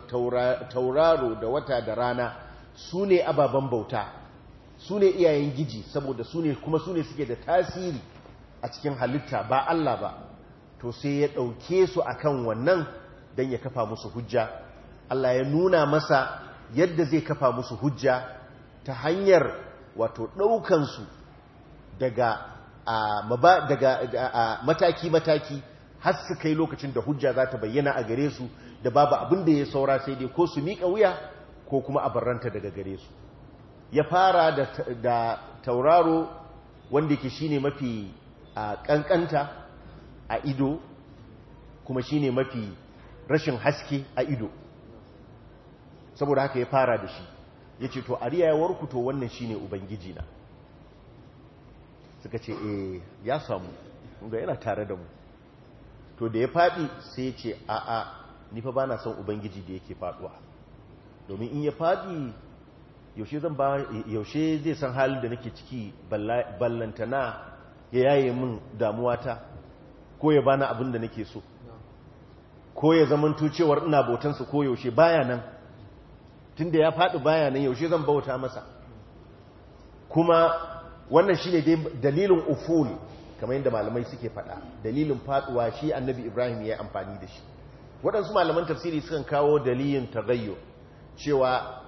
B: tauraro da wata da rana su ne ababen bauta su ne iyayen giji saboda su ne kuma su ne suke da tasiri a cikin halitta ba Allah ba to sai ya ɗauke su a kan wannan don ya kafa musu hujja Allah ya nuna masa yadda zai kafa musu hujja ta hanyar wato ɗaukansu daga mataki-mataki har su kai lokacin da hujja za ta bayyana a gare su da babu abin da ya saura sai dai ko su miƙa wuya ko kuma a barranta daga gare su ya fara da tauraro wanda ke shine mafi kankanta a ido kuma shine mafi rashin haske a ido saboda haka ya fara da shi ya ce to ariya ya warku to wannan shine ubangiji na suka ce eh ya samu ga yana tare da mu to da ya faɗi sai ya ce a'a nifa ba na son ubangiji da yake faɗuwa domin in ya faɗi yaushe zan ba yaushe zai san halin da nake ciki ballantana ya yaye min damuwata ko ya bani abin da nake so ko ya zaman cewar ina bautansa ko yaushe baya nan tunda ya faɗi baya nan yaushe zan bauta masa kuma wannan shine dai dalilin uful kamar yadda malamai suke faɗa dalilin faɗuwa shi annabi Ibrahim ya yi amfani da shi waɗansu malaman tafsiri sukan kawo dalilin tagayyo cewa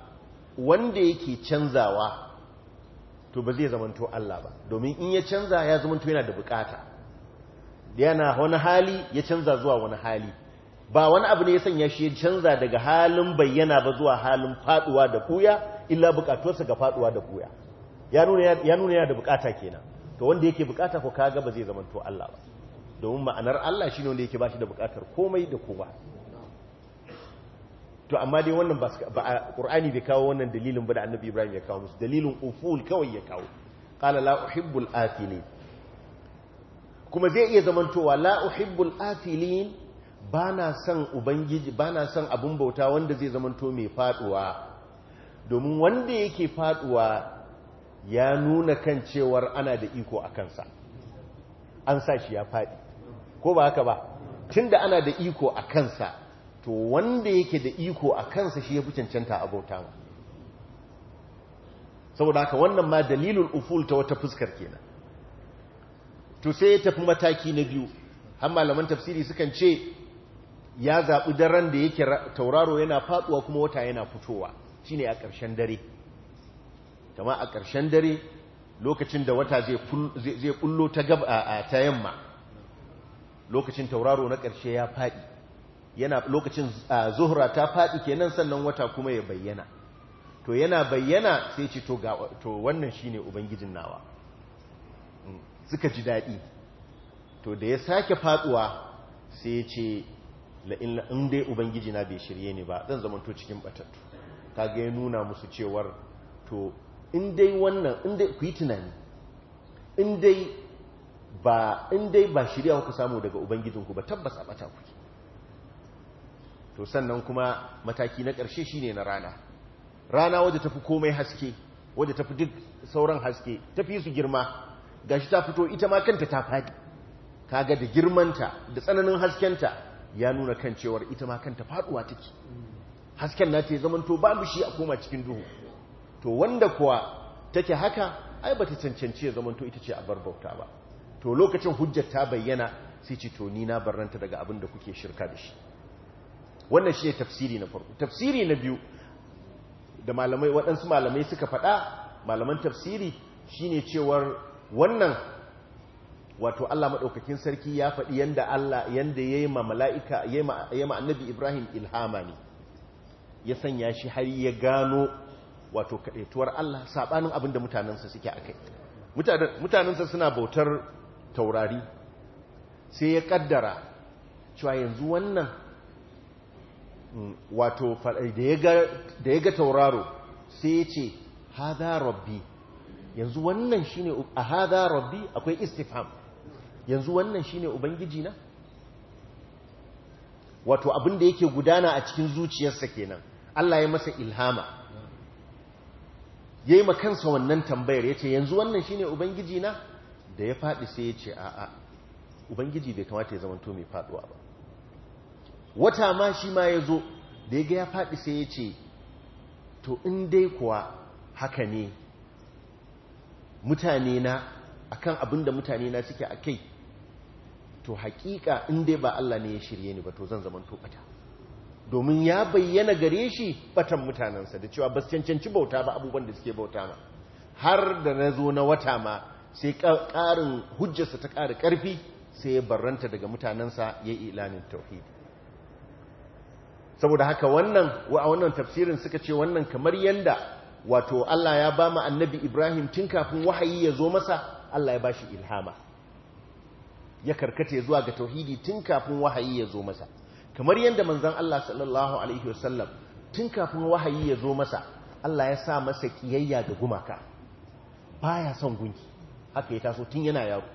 B: wanda yake canzawa to ba zai zamanto Allah ba domin in ya canza ya zamanto yana da bukata yana wani hali ya canza zuwa wani hali ba wani abu ne ya sanya shi ya canza daga halin bayyana ba zuwa halin faduwa da kuya illa bukatuwarsa ga faduwa da kuya ya nuna yana da bukata kenan to wanda yake bukata ko kaga ba zai zamanto Allah ba domin ma'anar Allah shine wanda yake bashi da bukatar komai da kowa to amma dai wannan ba qur'ani bai kawo wannan dalilin ba da annabi ibrahim ya kawo musu dalilin uful kawai ya kawo qala la uhibbul kuma zai iya zamantowa la afilin ba bana son ubangiji bana son abun bauta wanda zai zamanto mai faduwa domin wanda yake faduwa ya nuna kan cewar ana da iko a kansa an sa shi ya fadi ko ba haka ba tunda ana da iko a kansa to wanda yake da iko a kansa shi ya fi cancanta ma saboda haka wannan ma dalilin uful ta wata fuskar kenan to sai ya tafi mataki na biyu har malaman tafsiri sukan ce ya zaɓi daren da yake tauraro yana faɗuwa kuma wata yana fitowa shine a ƙarshen dare kama a ƙarshen dare lokacin da wata zai kullo ta yamma lokacin tauraro na ƙarshe ya faɗi yana lokacin zuhura ta faɗi kenan sannan wata kuma ya bayyana to yana bayyana sai ce to wannan shine ubangijin nawa mm, suka ji daɗi to da ya sake faɗuwa sai ya ce in dai ubangiji na bai shirye ne ba zan zamanto cikin batattu kaga ya nuna musu cewar to in dai wannan in dai ku yi tunani in dai ba in dai ba shirya kuka samu daga ubangijinku ba tabbas a bata ku to sannan kuma mataki na ƙarshe shine na rana rana wadda tafi komai haske wadda tafi duk sauran haske tafi su girma gashi ta fito ita ma kanta ta fadi kaga da girmanta da tsananin haskenta ya nuna kan cewar ita ma kanta faduwa take hasken na ce zamanto babu shi a koma cikin duhu to wanda kuwa take haka ai bata cancanci ya zamanto ita ce a bar bauta ba to lokacin hujjar ta bayyana sai ce to ni na barranta daga abin da kuke shirka da shi wannan shi ne tafsiri na farko tafsiri na biyu da malamai waɗansu malamai suka faɗa malaman tafsiri shi ne cewar wannan wato Allah maɗaukakin sarki ya faɗi yadda Allah yadda ya yi ma mala'ika ya yi ma annabi Ibrahim ilhama ne ya sanya shi har ya gano wato kaɗaituwar Allah saɓanin abin da mutanensa suke a kai mutanensa suna bautar taurari sai ya ƙaddara cewa yanzu wannan wato da ya ga tauraro sai ya ce haza rabbi yanzu wannan shi ne a haza rabbi akwai istifam. yanzu wannan shi ne ubangiji na wato abin da yake gudana a cikin zuciyarsa kenan Allah ya masa ilhama Ya yi makansa wannan tambayar yace yanzu wannan shi ne ubangiji na da ya faɗi sai ya ce a'a ubangiji bai kamata ya zama to mai faɗuwa ba wata ma shi ma ya zo da ya ga ya faɗi sai ya ce to in dai kuwa haka ne mutane na akan abin da mutane na suke a kai to haƙiƙa in dai ba Allah ne ya shirye ni ba to zan zaman tobata domin ya bayyana gare shi batan mutanensa da cewa ba cancanci bauta ba abubuwan da suke bauta ma har da na zo na wata ma sai ƙarin hujjarsa ta ƙara ƙarfi sai ya barranta daga mutanensa ya yi ilanin tauhidi saboda haka wannan a wannan tafsirin suka ce wannan kamar yanda wato Allah ya ba mu annabi Ibrahim tun kafin wahayi ya zo masa Allah ya bashi ilhama ya karkace zuwa ga tauhidi tun kafin wahayi ya zo masa kamar yanda manzon Allah sallallahu alaihi wasallam tun kafin wahayi ya zo masa Allah ya sa masa kiyayya da gumaka baya son gunki haka ya taso tun yana yaro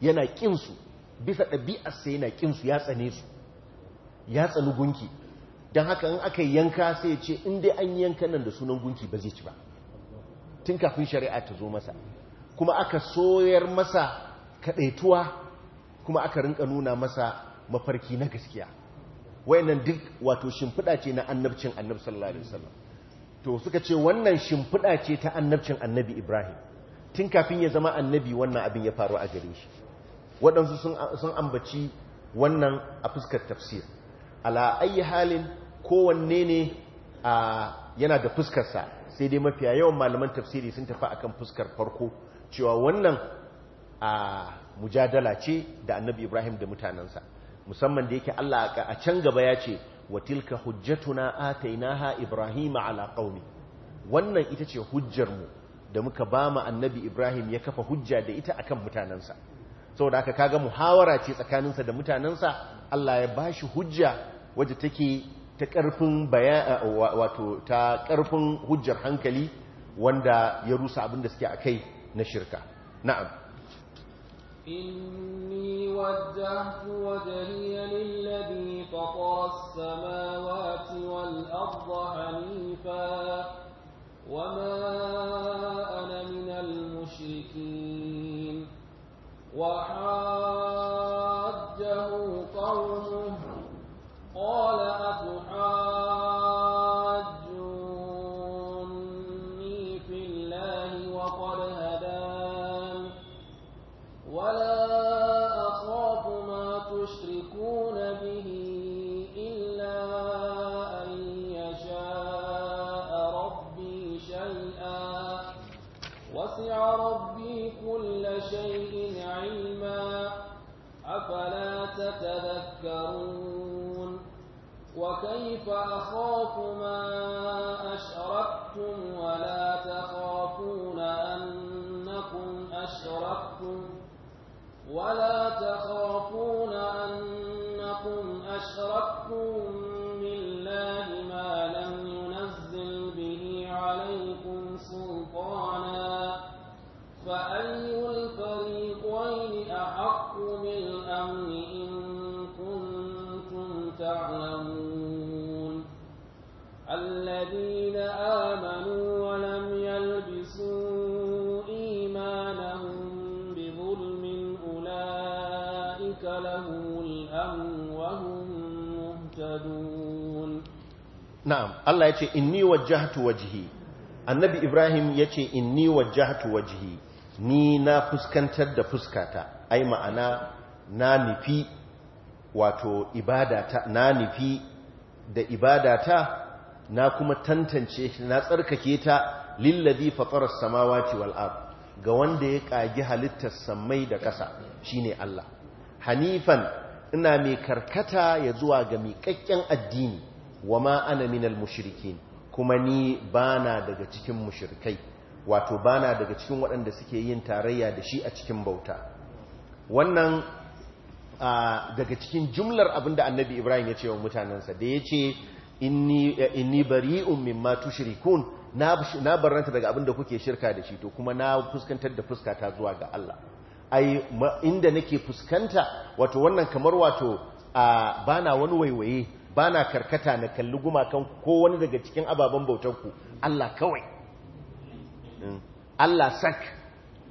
B: yana kinsu bisa sai yana kinsu ya tsane su ya tsani gunki don haka in aka yi yanka sai ce in dai yi yanka nan da sunan gunki ba zai ci ba tun kafin shari'a ta zo masa kuma aka soyar masa kadaituwa kuma aka rinka nuna masa mafarki na gaskiya wayannan duk wato shimfiɗa ce na annabcin annabi sallallahu alaihi wasallam to suka ce wannan shimfiɗa ce ta annabcin annabi Ibrahim tun kafin ya zama annabi wannan abin ya faru a gare shi waɗansu sun ambaci wannan a fuskar tafsir ala ayi halin kowanne ne yana da fuskarsa sai dai mafiya yawan malaman tafsiri sun tafi akan fuskar farko cewa wannan a mujadala ce da annabi ibrahim da mutanensa musamman da yake allah a can gaba ya ce wa tilka hujjatuna atainaha ibrahim ala qaumi wannan ita ce mu da muka ba mu annabi ibrahim ya kafa hujja da ita akan mutanensa saboda haka kaga muhawara ce tsakaninsa da mutanensa Allah ya ba shi hujja wadda take ta ƙarfin bayan wato ta ƙarfin hujjar hankali wanda ya rusa abin da suke a kai na shirka na'am
C: inni wajjahtu wajhiya lilladhi fatara as-samawati wal arda hanifa wama ana minal mushrikeen wa أخاف ما أشركتم ولا تخافون أنكم أشركتم ولا تخافون أنكم أشركتم
B: na'am Allah ya ce in ni wajjahtu wajihi. annabi Ibrahim ya ce in ni wajjahtu wajihi ni na fuskantar da fuskata ai ma'ana na nufi wato ibadata na nufi da ibadata na kuma tantance na tsarkake ta lillazi fatarar samawati wal ard ga wanda ya ƙagi halittar samai da ƙasa shine Allah hanifan ina mai karkata ya zuwa ga miƙaƙƙen addini wa ma ana minal mushrikin kuma ni bana daga cikin mushrikai wato bana daga cikin waɗanda suke yin tarayya da shi a cikin bauta wannan daga cikin jumlar abinda annabi Ibrahim ya ce wa mutanensa da ya ce inni bari'un mimma tushrikun na barranta daga da kuke shirka da shi to kuma na fuskantar da fuskata zuwa ga Allah ai inda nake fuskanta wato wannan kamar wato bana wani waiwaye ba na karkata na kalli gumakan ko wani daga cikin ababen bautanku Allah kawai hmm. Allah sak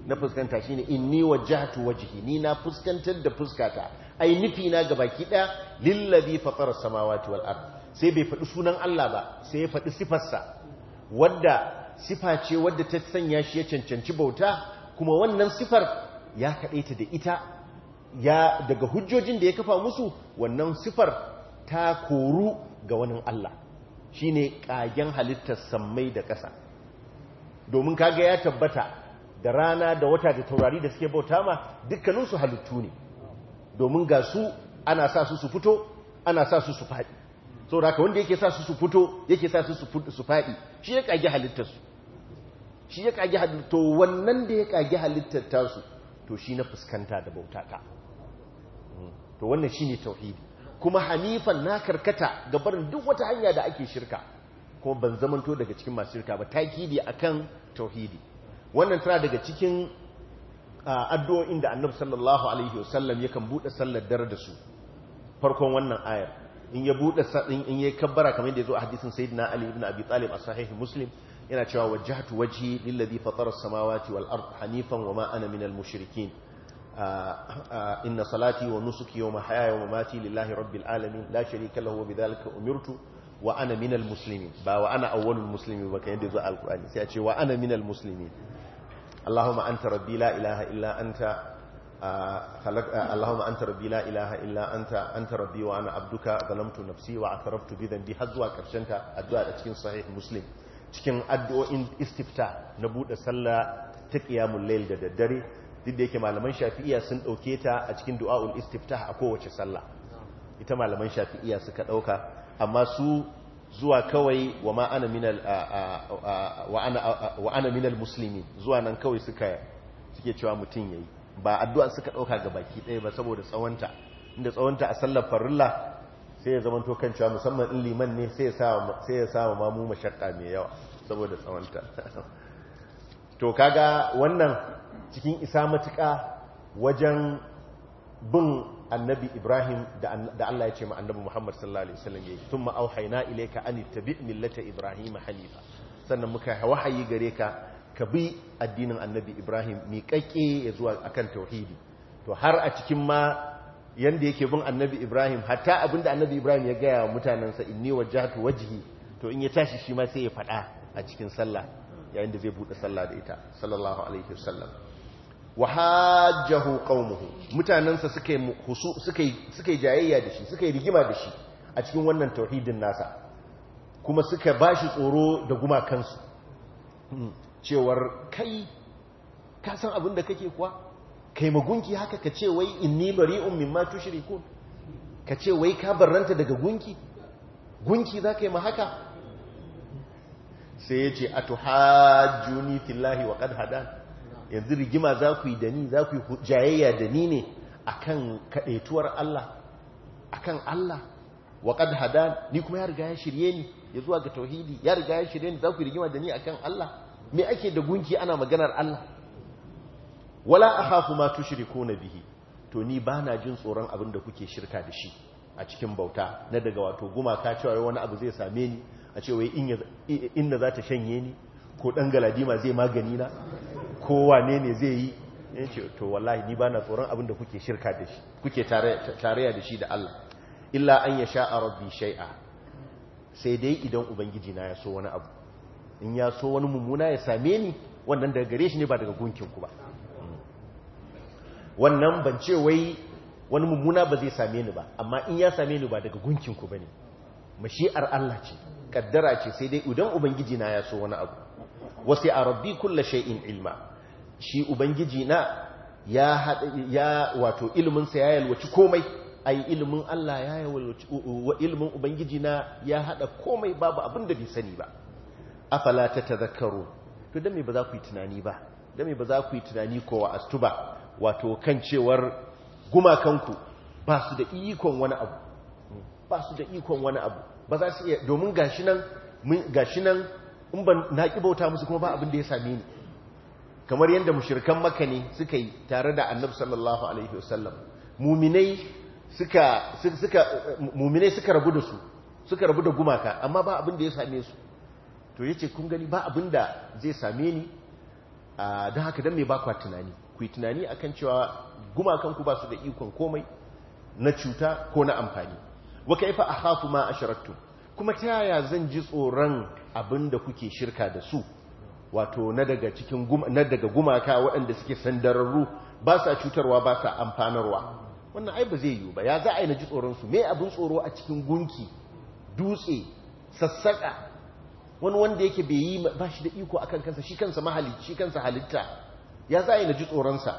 B: na fuskanta shine inni wajjahtu wajhi ni na fuskantar da fuskata ai nufi na gabaki daya lillazi fatara samawati wal ard sai bai faɗi sunan Allah ba sai ya faɗi sifarsa wadda sifa ce wadda ta sanya shi ya cancanci bauta kuma wannan sifar ya kaɗaita da ita ya daga hujjojin da ya kafa musu wannan sifar ta koru ga wani Allah shine kagen halittar sammai da ƙasa domin kaga ya tabbata da rana da wata da taurari da suke bauta ma dukkaninsu halittu ne domin ga su ana sa su su fito ana sa su su faɗi sau da wanda yake sa su su fito yake sa su su faɗi shi ya kage halittarsu shi ya kage halittar wannan da ya kage halittar tasu to shi na fuskanta da bautata hmm. to wannan shi ne tauhidi kuma hanifan na karkata ga barin duk wata hanya da ake shirka kuma ban zamanto daga cikin masu shirka ba takidi akan tauhidi wannan tana daga cikin addu'o'in da annabi sallallahu alaihi wasallam yakan buɗe sallar dare da su farkon wannan ayar in ya bude in ya kabbara kamar yadda ya zo a hadisin sayyidina ali ibn abi talib a sahih muslim yana cewa wajjahtu wajhi lilladhi fatara as-samawati wal ard hanifan wa ma ana minal mushrikin inna salati wa nusuki wa mahaya wa mamati lillahi rabbil alamin la sharika lahu wa bidhalika umirtu wa ana minal muslimin ba wa ana awwalul muslimin ba kayan da zuwa alqur'ani sai a ce wa ana minal muslimin allahumma anta rabbi la ilaha illa anta اللهم أنت ربي لا إله إلا أنت أنت ربي وأنا عبدك ظلمت نفسي واعترفت بذنبي هزوا كرشنك الدعاء cikin صحيح مسلم cikin addu'o'in istifta na buɗe sallah ta qiyamul layl da daddare duk da yake malaman shafi'iya sun ɗauke ta a cikin du'a'ul istiftah a kowace sallah ita malaman shafi'iya suka ɗauka amma su zuwa kawai wa ma ana minal wa ana minal muslimin zuwa nan kawai suka suke cewa mutum yayi ba addu'a suka ɗauka ga baki ɗaya ba saboda tsawonta inda tsawonta a sallar farilla sai ya zama kan cewa musamman in liman ne sai ya sa ma mu mashakka mai yawa saboda tsawonta to kaga wannan cikin isa matuka wajen bin annabi ibrahim da allah ya ce ma annabi muhammad sallallahu alaihi wasallam ya yi tun ile ilaika an tabi millata ibrahim Halifa sannan muka wahayi gare ka ka bi addinin annabi ibrahim miƙaƙe ya zuwa akan tauhidi to har a cikin ma yanda yake bin annabi ibrahim hatta da annabi ibrahim ya gaya wa mutanensa inni wajahatu wajihi to in ya tashi shi ma sai ya faɗa a cikin sallah yayin da zai buɗe sallah da ita sallallahu alaihi wasallam wa hajjahu qaumuhu mutanansa suka husu suka jayayya da shi suka yi rigima da shi a cikin wannan tauhidin nasa kuma suka bashi tsoro da gumakansu hmm. cewar kai ka san abin da kake kuwa kai magunki haka ka ce wai inni bari'un mimma tushrikun ka ce wai ka barranta daga gunki gunki za ka yi ma haka sai ya ce a tuhajjuni fillahi wa qad hadan yanzu rigima za ku yi da ni za ku yi jayayya da ni ne akan kaɗaituwar Allah kan Allah wa ƙad hada ni kuma ya riga ya shirye ni ya zuwa ga tauhidi ya riga ya shirye ni za ku yi rigima da ni akan Allah me ake da gunki ana maganar Allah wala a hafu ma ko na bihi to ni ba na jin tsoron abin da kuke shirka da shi a cikin bauta na daga wato gumaka cewa wani abu zai same ni a ce wai inna za ta shanye ni ko ɗan galadima zai magani na Kowa ne ne zai yi ya ce to wallahi ni ba na tsoron da kuke shirka da shi kuke tarayya da shi da Allah illa an ya sha a rabbi shai'a sai dai idan ubangiji na ya so wani abu in ya so wani mummuna ya same ni wannan daga gare shi ne ba daga gunkin ku ba wannan ban ce wai wani mummuna ba zai same ni ba amma in ya same ni ba daga ku ba ne mashi'ar Allah ce kaddara ce sai dai idan ubangiji na ya so wani abu wasu a rabbi kulla shay'in ilma shi ubangiji na ya ya wato ilminsa ya yalwaci komai ai ilimin Allah ya yalwaci ilimin ubangiji na ya hada komai babu abin da bai sani ba afala tatazakkaru to dan me ba za ku yi tunani ba dan me ba za ku yi tunani ko wa astuba wato kan cewar gumakanku ba su da ikon wani abu ba su da ikon wani abu ba za su iya domin gashi nan gashi nan in ban na ƙi bauta musu kuma ba abin da ya same ni kamar yadda mushirkan maka ne suka yi tare da annabi sallallahu alaihi wasallam muminai suka rabu da su suka rabu da gumaka amma ba abin da ya same su to ce kun gani ba abin da zai same ni don haka don mai ba tunani ku yi tunani akan cewa gumakan ku ba su da ikon komai na cuta ko na amfani wa a hafu ma a asharaktum kuma ta yaya zan ji tsoron abin da kuke shirka da su wato na daga cikin na daga gumaka waɗanda suke sandararru ba sa cutarwa ba sa amfanarwa wannan ai ba zai yiwu ba ya za a yi na ji tsoronsu me abin tsoro a cikin gunki dutse sassaƙa wani wanda yake bai yi ba shi da iko akan kansa shi kansa mahalicci kansa halitta ya za a yi na ji tsoronsa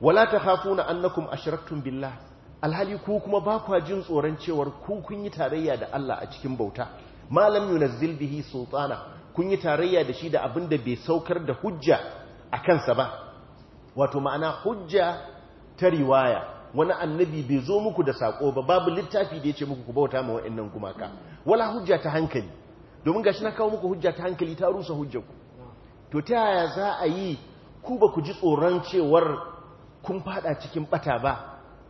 B: wala ta hafu na annakum ashiraktun billah alhali ku kuma ba kwa jin tsoron cewar ku kun yi tarayya da Allah a cikin bauta malam yunazzil bihi sultana kun yi tarayya da shi da abin da bai saukar da hujja a kansa ba wato ma'ana hujja ta riwaya wani annabi bai zo muku da sako ba babu littafi da ya ce muku ku bauta ma wa'annan gumaka wala hujja ta hankali domin gashi na kawo muku hujja ta hankali ta rusa hujjar ku to ta yaya za a yi ku ba ku ji tsoron cewar kun fada cikin bata ba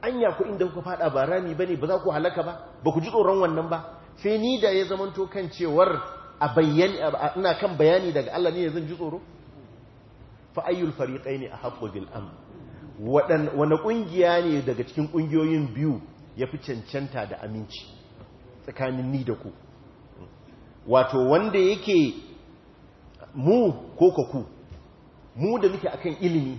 B: anya ku inda kuka fada ba rami bane ba za ku halaka ba ba ku ji tsoron wannan ba sai ni da ya zamanto kan cewar a bayani ina kan bayani daga Allah ne zan ji tsoro fa ayyul fariqaini ahqqu bil amn wadan wani kungiya ne daga cikin kungiyoyin biyu yafi cancanta da aminci tsakanin ni da ku wato wanda yake mu ko ku mu da muke akan ilimi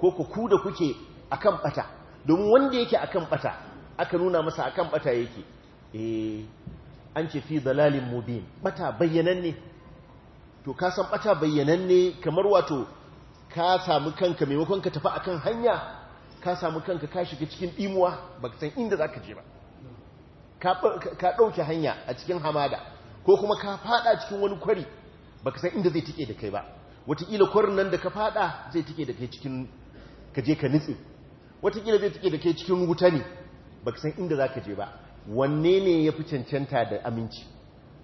B: ko ku da kuke akan bata domin wanda yake akan bata aka nuna masa akan bata yake eh an ce fi dalalin mubin bata ne. to ka san bata ne kamar wato ka samu kanka maimakon ka tafi akan hanya ka samu kanka ka shiga cikin dimuwa baka san inda zaka je ba ka dauke hanya a cikin hamada ko kuma ka fada cikin wani kwari baka san inda zai tike da kai ba wataƙila kwarin nan da ka fada zai tike da kai cikin ka je ka nitse wataƙila zai tike da kai cikin wuta ne baka san inda zaka je ba wanne ne ya fi cancanta da aminci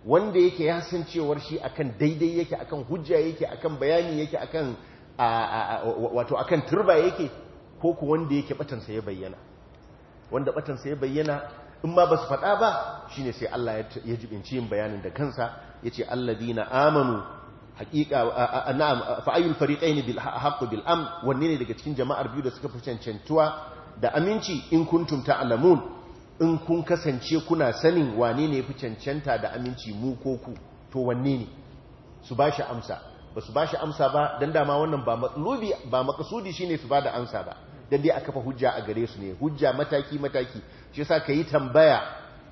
B: wanda yake ya san cewar shi akan daidai yake akan hujja yake akan bayani yake akan wato akan turba yake ko ku wanda yake batansa ya bayyana wanda batansa ya bayyana in ma ba su faɗa ba shine sai Allah ya jibinci yin bayanin da kansa yace alladina amanu haqiqa na'am fa ayyul fariqain bil haqq bil am wanne ne daga cikin jama'ar biyu da suka fi cancantuwa da aminci in kuntum ta'lamun in kun kasance kuna sanin wane ne fi cancanta da aminci mu ko ku to wanne ne su ba shi amsa ba su ba shi amsa ba don dama wannan ba matsalubi ba makasudi shine su ba da amsa ba don dai a kafa hujja a gare su ne hujja mataki mataki shi sa ka yi tambaya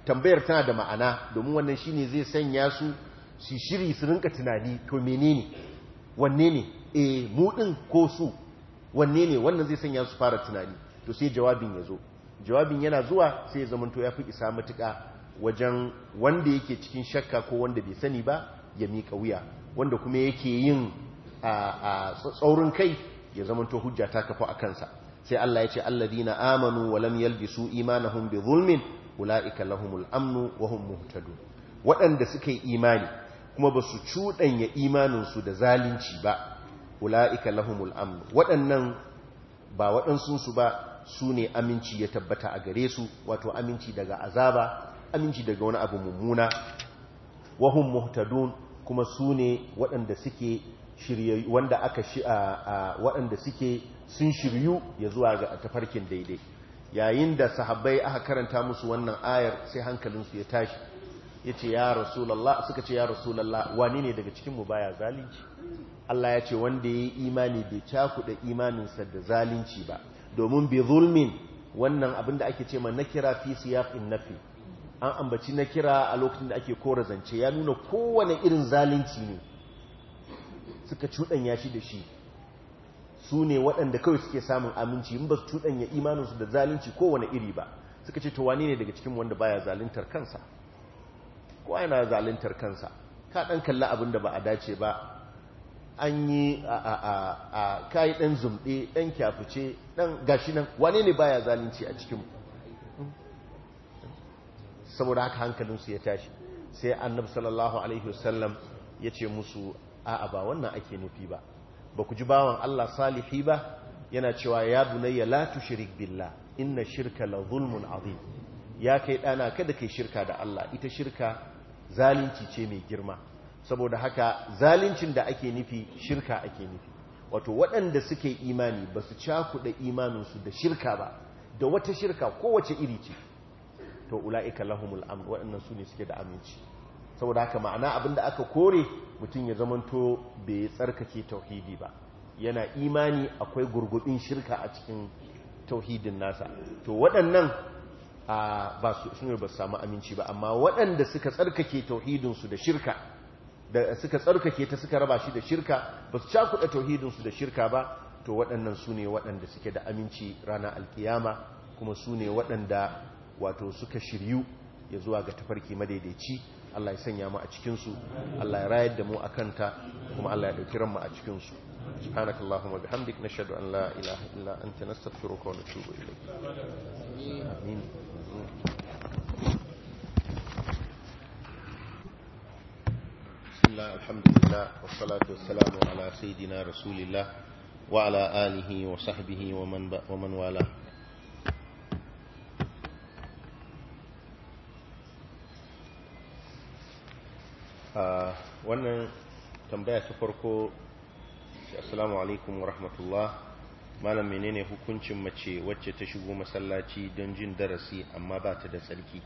B: tambayar tana da ma'ana domin wannan shi ne zai sanya su su shiri su rinka tunani to menene wanne ne eh mu ko su wanne ne wannan zai sanya su fara tunani to sai jawabin ya zo jawabin yana zuwa sai ya zamanto ya fi isa matuka wajen wanda yake cikin shakka ko wanda bai sani ba ya miƙa wuya wanda kuma yake yin a tsaurin kai ya zamanto hujja ta kafa a kansa sai Allah ya ce alladina amanu wa lam yalbisu imanahum bi zulmin ulaika lahumul amnu wa hum muhtadun waɗanda suka yi imani kuma ba su cuɗanya imaninsu da zalunci ba ula'ika lahumul amnu waɗannan ba waɗansunsu ba su ne aminci ya tabbata a gare su wato aminci daga azaba aminci daga wani abu mummuna Wahun muhtadun kuma su ne waɗanda suke wanda aka shi waɗanda suke sun shiryu ya zuwa ga tafarkin daidai yayin da sahabbai aka karanta musu wannan ayar sai hankalinsu ya tashi ya ce ya rasulallah suka ce ya rasulallah wani ne daga cikin mu baya zalunci Allah ya ce wanda ya yi imani bai cakuɗa imaninsa da zalunci ba domin bi zulmin wannan abin da ake ce ma nakira fi siyaqin nafi an ambaci nakira a lokacin da ake kora zance ya nuna kowane irin zalunci ne suka cuɗanya shi da shi su ne waɗanda kawai suke samun aminci in ba su cuɗanya imaninsu da zalunci kowane iri ba suka ce to wane ne daga cikin wanda baya zaluntar kansa ko yana zaluntar kansa ka ɗan kalla abin da ba a dace ba an yi a kayi ɗan zumɗe ɗan kyafuce ɗan gashi nan wane ne baya zalunci a cikin saboda haka hankalinsu ya tashi sai annabi sallallahu alaihi wasallam ya ce musu a'a ba wannan ake nufi ba ba ku ji bawan Allah salihi ba yana cewa ya bunayya la tushrik billah inna shirka la zulmun azim ya kai ɗana kada kai shirka da Allah ita shirka zalunci ce mai girma saboda haka zalincin da ake nufi shirka ake nufi wato waɗanda suke imani ba su cakuɗa imaninsu da shirka ba da wata shirka kowace iri ce to ula'ika lahumul amn waɗannan su ne suke da aminci saboda haka ma'ana abin da aka kore mutum ya zamanto bai tsarkake tauhidi ba yana imani akwai gurgubin shirka a cikin tauhidin nasa to waɗannan ba su ne ba su samu aminci ba amma waɗanda suka tsarkake tauhidinsu da shirka da suka tsarkake ta suka raba shi da shirka ba su cakuɗa tauhidinsu da shirka ba to waɗannan su ne waɗanda suke da aminci rana alkiyama kuma su ne waɗanda wato suka shiryu ya zuwa ga tafarki madaidaici Allah ya sanya mu a cikinsu Allah ya rayar da mu a kanta kuma Allah ya ɗauki ranmu a cikinsu سبحانك اللهم وبحمدك نشهد الله الحمد لله والصلاة والسلام على سيدنا رسول الله وعلى آله وصحبه ومن, ومن والاه wannan tambaya ta farko assalamu alaikum wa rahmatullah malam menene hukuncin mace wacce ta shigo masallaci don jin darasi amma ba ta da tsarki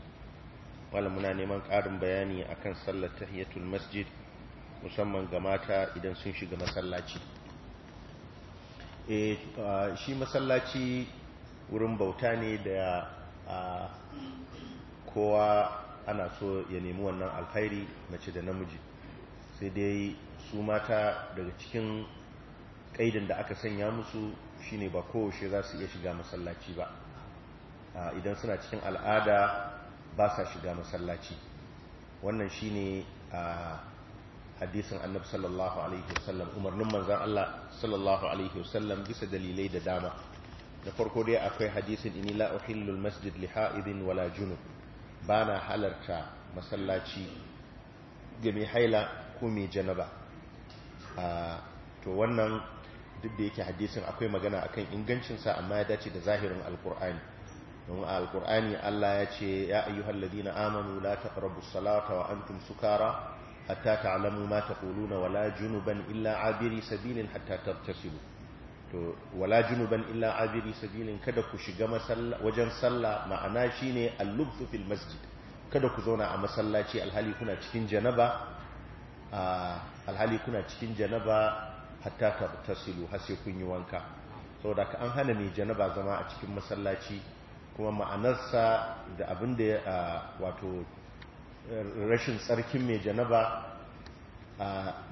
B: malam muna neman ƙarin bayani akan sallar tahiyatul masjid musamman ga mata idan sun shiga masallaci eh, shi masallaci wurin bauta ne da kowa ana so ya nemi wannan alkhairi mace da namiji sai dai su mata daga cikin ƙaidan da aka sanya musu shine ba kowace za su iya shiga masallaci ba idan suna cikin al'ada ba sa shiga masallaci wannan shine ne. hadisin annabi sallallahu alaihi wasallam umarnin manzon Allah sallallahu alaihi wasallam bisa dalilai da dama da farko dai akwai hadisin inni la uhillu almasjid li ha'idin wala junub bana halarta masallaci ga mai haila ko mai janaba to wannan duk da yake hadisin akwai magana akan ingancinsa amma ya dace da zahirin alkur'ani domin a alkur'ani Allah ya ce ya ayyuhal ladina amanu la taqrabu salata wa antum sukara hatta ta'lamu ma taquluna wala junuban illa abiri sabilin hatta tartasibu to wala junuban illa abiri sabilin kada ku shiga wajen sallah ma'ana shine al-lubthu fil masjid kada ku zauna a masallaci alhali kuna cikin janaba alhali kuna cikin janaba hatta tartasilu har sai kun yi wanka saboda ka an hana mai janaba zama a cikin masallaci kuma ma'anarsa da abin da wato rashin tsarkin mai janaba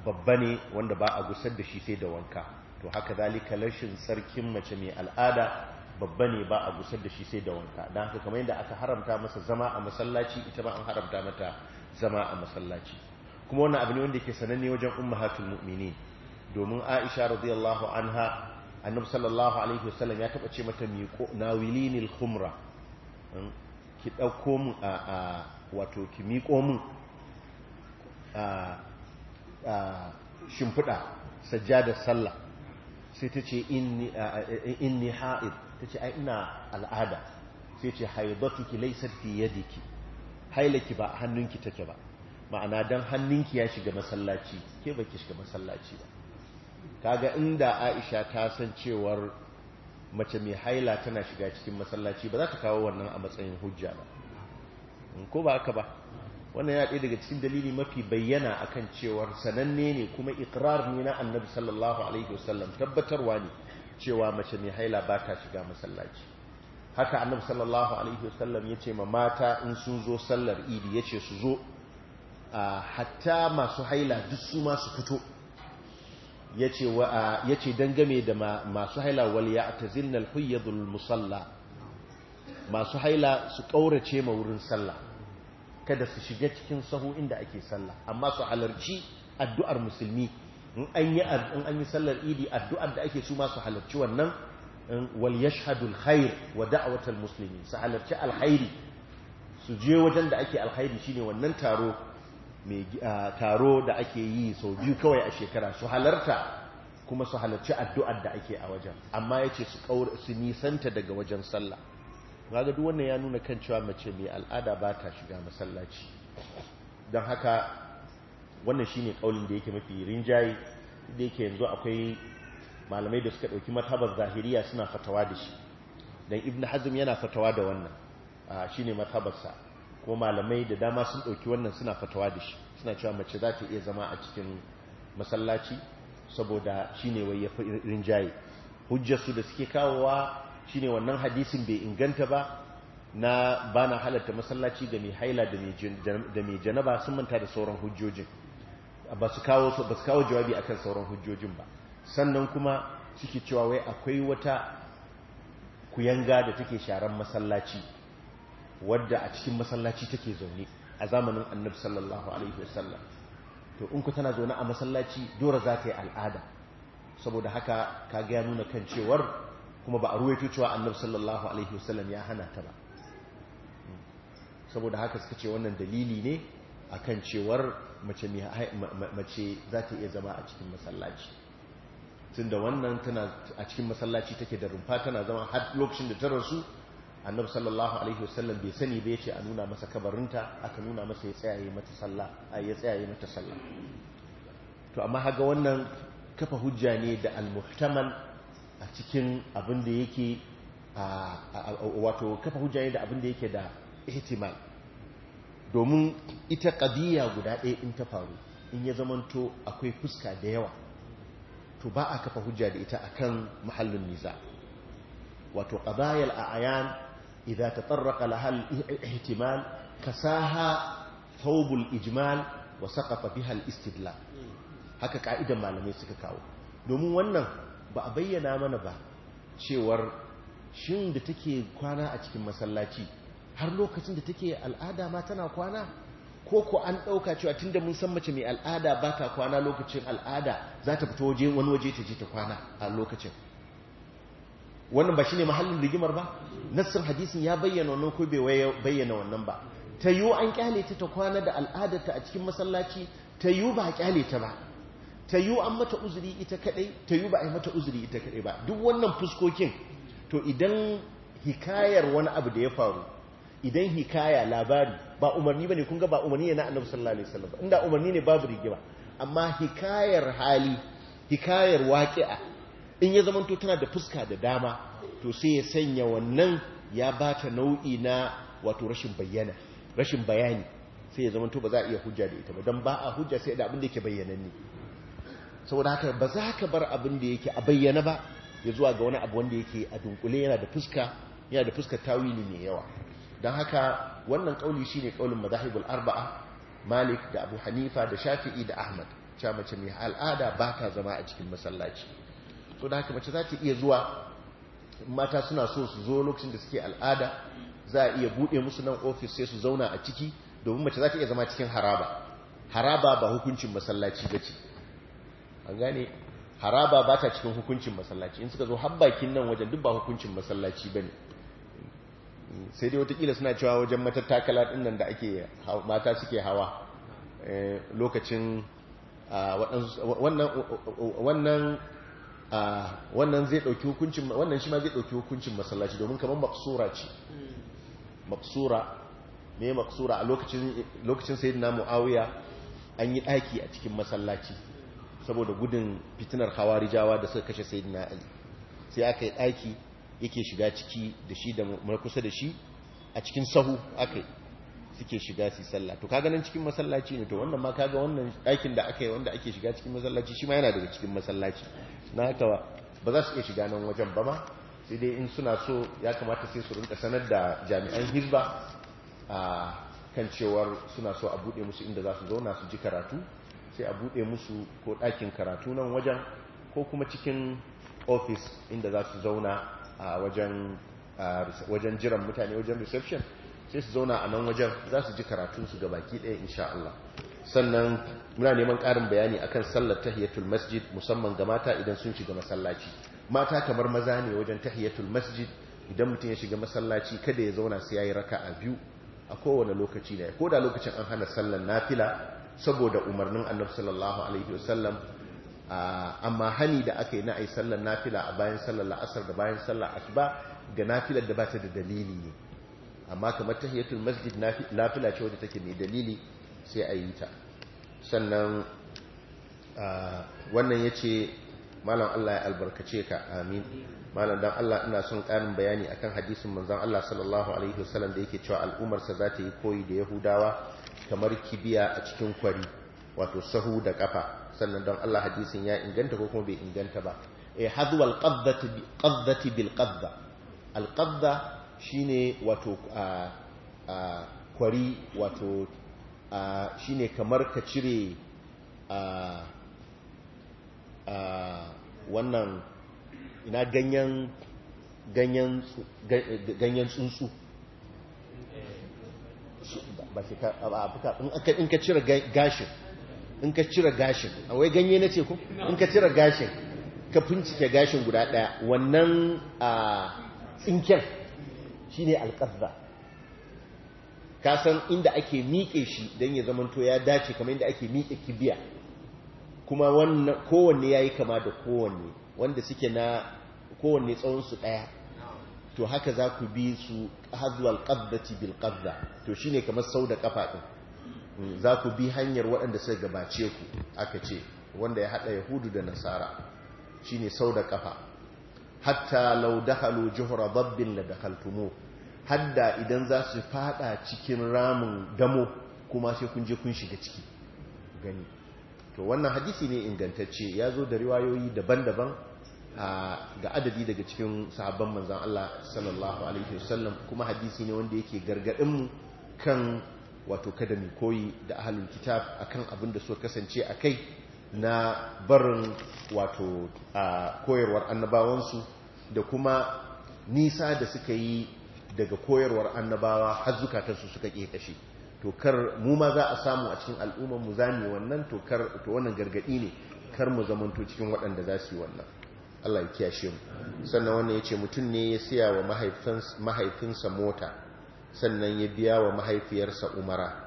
B: babba ne wanda ba a gusar da shi sai da wanka to haka zalika rashin tsarkin mace mai al'ada babba ne ba a gusar da shi sai da wanka don haka kamar yadda aka haramta masa zama a masallaci ita ba an haramta mata zama a masallaci kuma wani abu ne wanda ke sananne wajen ummahatul mu'mini domin Aisha radiyallahu anha annabi sallallahu alaihi wasallam ya taba ce mata miqo nawilinil khumra ki dauko mu a wato ki miƙo min shimfiɗa sajjada sallah sai ta ce inni ha'id ta ce ina al'ada sai ce ki laysat fi yadiki hailaki ba hannunki take ba ma'ana dan hannunki ya shiga masallaci ke baki shiga masallaci ba kaga inda Aisha ta san cewar mace mai haila tana shiga cikin masallaci ba za ta kawo wannan a matsayin hujja ba Mm, ko ba haka ba wannan ya daga cikin dalili mafi bayyana akan cewa sananne ne kuma ikirar ne na annabi sallallahu alaihi wasallam tabbatarwa ne cewa mace mai haila ba ta shiga masallaci haka annabi sallallahu alaihi wasallam ya ce ma mata in sun zo sallar idi ya ce su zo hatta masu haila duk su ma su fito ya ce dangame da masu haila wal ya ta zinnal huyyadul musalla masu haila su ƙaurace ma wurin sallah kada su shiga cikin sahu inda ake sallah amma su halarci addu'ar musulmi in an yi sallar idi addu'ar da ake su masu halarci wannan wal yashhadul khair wa musulmi muslimi su halarci alkhairi su je wajen da ake alkhairi shine wannan taro mai taro da ake yi sau biyu kawai a shekara su halarta kuma su halarci addu'ar da ake a wajen amma yace su su nisanta daga wajen sallah ga duk wannan ya nuna kan cewa mace mai al'ada ba ta shiga masallaci don haka wannan shi ne kaulin da yake mafi rinjaye da yake yanzu akwai malamai da suka ɗauki matabar zahiriya suna fatawa da shi don Ibn hazm yana fatawa da wannan shi ne matabarsa ko malamai da dama sun ɗauki wannan suna fatawa da shi suna cewa mace za ta iya zama a cikin masallaci saboda shi ne wai ya fi rinjaye hujjarsu da suke kawowa Shi ne wannan hadisin bai inganta ba na bana halatta masallaci da mai haila da mai janaba sun manta da sauran hujjojin ba su kawo jawabi akan sauran hujjojin ba sannan kuma suke cewa wai akwai wata kuyanga da take sharan masallaci wadda a cikin masallaci take zaune a zamanin annab sallallahu alaihi wasallam to in ku tana zaune a masallaci dora za ta yi al'ada saboda haka ka ga ya nuna kan cewar kuma ba a ruwaito cewa annabi sallallahu alaihi wasallam ya hana ta ba saboda haka suka ce wannan dalili ne akan cewar mace mace za ta iya zama a cikin masallaci tunda wannan tana a cikin masallaci take da rumfa tana zama har lokacin da ta rasu annabi sallallahu alaihi wasallam bai sani ba yace a nuna masa kabarinta aka nuna masa ya tsayaye mata sallah ya to amma haga wannan kafa hujja ne da al-muhtamal a cikin abin da yake wato kafa hujja da abin da yake da ihtimal domin ita qadiyya guda ɗaya in ta faru in ya zamanto akwai fuska da yawa to ba a kafa hujja da ita akan mahallin niza wato a a'yan idza tatarraqa laha al-ihtimal kasaha thawbul ijmal wa saqata biha al-istidlal haka ka'idan malamai suka kawo domin wannan ba a bayyana mana ba cewar shin da take kwana a cikin masallaci har lokacin da take al'ada ma tana kwana ko ko an ɗauka cewa tunda mun san mace mai al'ada ba ta kwana lokacin al'ada za ta fito waje wani waje ta je ta kwana a lokacin wannan ba shine mahallin rigimar ba nassin hadisin ya bayyana wannan ko bai bayyana wannan ba ta yiwu an kyale ta ta kwana da al'adarta a cikin masallaci ta yiwu ba kyale ta ba ta yi an mata uzuri ita kadai ta yi ba a yi mata uzuri ita kadai ba duk wannan fuskokin to idan hikayar wani abu da ya faru idan hikaya labari ba umarni ba ne kunga ba umarni ne na annabi sallallahu alaihi wasallam inda umarni ne babu ba. amma hikayar hali hikayar waƙi'a in ya zamanto tana da fuska da dama to sai ya sanya wannan ya bata nau'i na wato rashin bayyana rashin bayani sai ya zamanto ba za a iya hujja da ita ba don ba a hujja sai da abin da yake bayyananne saboda haka ba za ka bar abin da yake a bayyana ba ya zuwa ga wani abu wanda yake a dunkule yana da fuska yana da fuska tawili mai yawa don haka wannan kauli shine kaulin madahibul arba'a malik da abu hanifa da shafi'i da ahmad cewa mace mai al'ada ba ta zama a cikin masallaci to da haka mace za ta iya zuwa mata suna so su zo lokacin da suke al'ada za a iya buɗe musu nan ofis sai su zauna a ciki domin mace za ta iya zama cikin haraba haraba ba hukuncin masallaci ba ce an gane haraba ba ta cikin hukuncin masallaci in suka zo habbakin nan wajen duk ba hukuncin masallaci ba ne sai dai watakila suna cewa wajen matattakala ɗin nan da ake mata suke hawa eh, lokacin wannan wannan zai ɗauki hukuncin wannan shi ma zai ɗauki hukuncin masallaci domin kamar maksura ce maksura me maksura a lokacin lokacin sayyidina muawiya an yi ɗaki a cikin masallaci saboda gudun fitinar rijawa da suka kashe sayidina ali sai aka yi daki yake shiga ciki da shi da kusa da shi a cikin sahu aka suke shiga su sallah to kaga cikin masallaci ne to wannan ma kaga wannan dakin da aka yi wanda ake shiga cikin masallaci shi ma yana daga cikin masallaci na haka ba za su iya shiga nan wajen ba ma sai dai in suna so ya kamata sai su rinka sanar da jami'an hizba a kan cewar suna so a bude musu inda za su zauna su ji karatu sai a buɗe musu ko ɗakin karatu nan wajen ko kuma cikin ofis inda za su zauna a wajen jiran mutane wajen reception sai su zauna a nan wajen za su ji karatunsu ga baki ɗaya insha Allah sannan muna neman ƙarin bayani akan sallar tahiyatul masjid musamman ga mata idan sun shiga masallaci mata kamar maza ne wajen tahiyatul masjid idan mutum ya shiga masallaci kada ya zauna sai raka a biyu a kowane lokaci da ya da lokacin an hana sallar nafila saboda umarnin annabi sallallahu alaihi wasallam amma hani da aka yi na ai sallar nafila a bayan sallar la'asar da bayan sallar asuba ga nafilar da ba ta da dalili ne amma kamar tahiyatul masjid nafila ce wadda take mai dalili sai a yi ta sannan wannan ya ce malam Allah ya albarkace ka amin malam don Allah ina son karin bayani akan hadisin manzan Allah sallallahu alaihi wasallam da yake cewa al'umarsa za ta yi koyi da yahudawa kamar kibiya a cikin kwari wato sahu da kafa sannan don Allah hadisin ya inganta ko kuma bai inganta ba eh hadwa alqadhati qadhati bil qadha alqadha shine wato a kwari wato shine kamar ka cire a wannan ina ganyen ganyen tsuntsu ba sai ka in ka cire gashin in ka cire gashin wai ganye na ce ku in ka cire gashin ka fincike gashin guda daya wannan tsinken shine alƙazza. ka san inda ake miƙe shi don ya zamanto ya dace kamar inda ake miƙe kibiya kuma kowanne ya yi kama da kowanne wanda suke na kowanne tsawonsu ɗaya to haka za ku bi su hazuwal ƙabdaci bil qadda to ne kamar sau da kafa ɗin mm, za ku bi hanyar waɗanda suka gabace ku aka ce wanda ya haɗa yahudu da nasara Shi ne sau da ƙafa. hatta law dakhalu juhra da da dakhaltumu hadda idan za su fada cikin ramin damo kuma sai kun je kun shiga ciki gani to wannan hadisi ne ingantacce ya zo da riwayoyi daban-daban ga adadi daga cikin sahabban manzan Allah sallallahu alaihi wasallam kuma hadisi ne wanda yake gargadinmu kan wato kada mu koyi da ahlul kitab akan abin da suka kasance a kai na barin wato koyarwar annabawansu da kuma nisa da suka yi daga koyarwar annabawa har zukatarsu suka kekashe to kar mu ma za a samu a cikin al'ummar mu zame wannan to to wannan gargadi ne kar mu zamanto cikin waɗanda za su yi wannan Allah ya kiyashe mu sannan wannan yace mutum ne ya siya wa mahaifinsa mota sannan ya biya wa mahaifiyarsa umara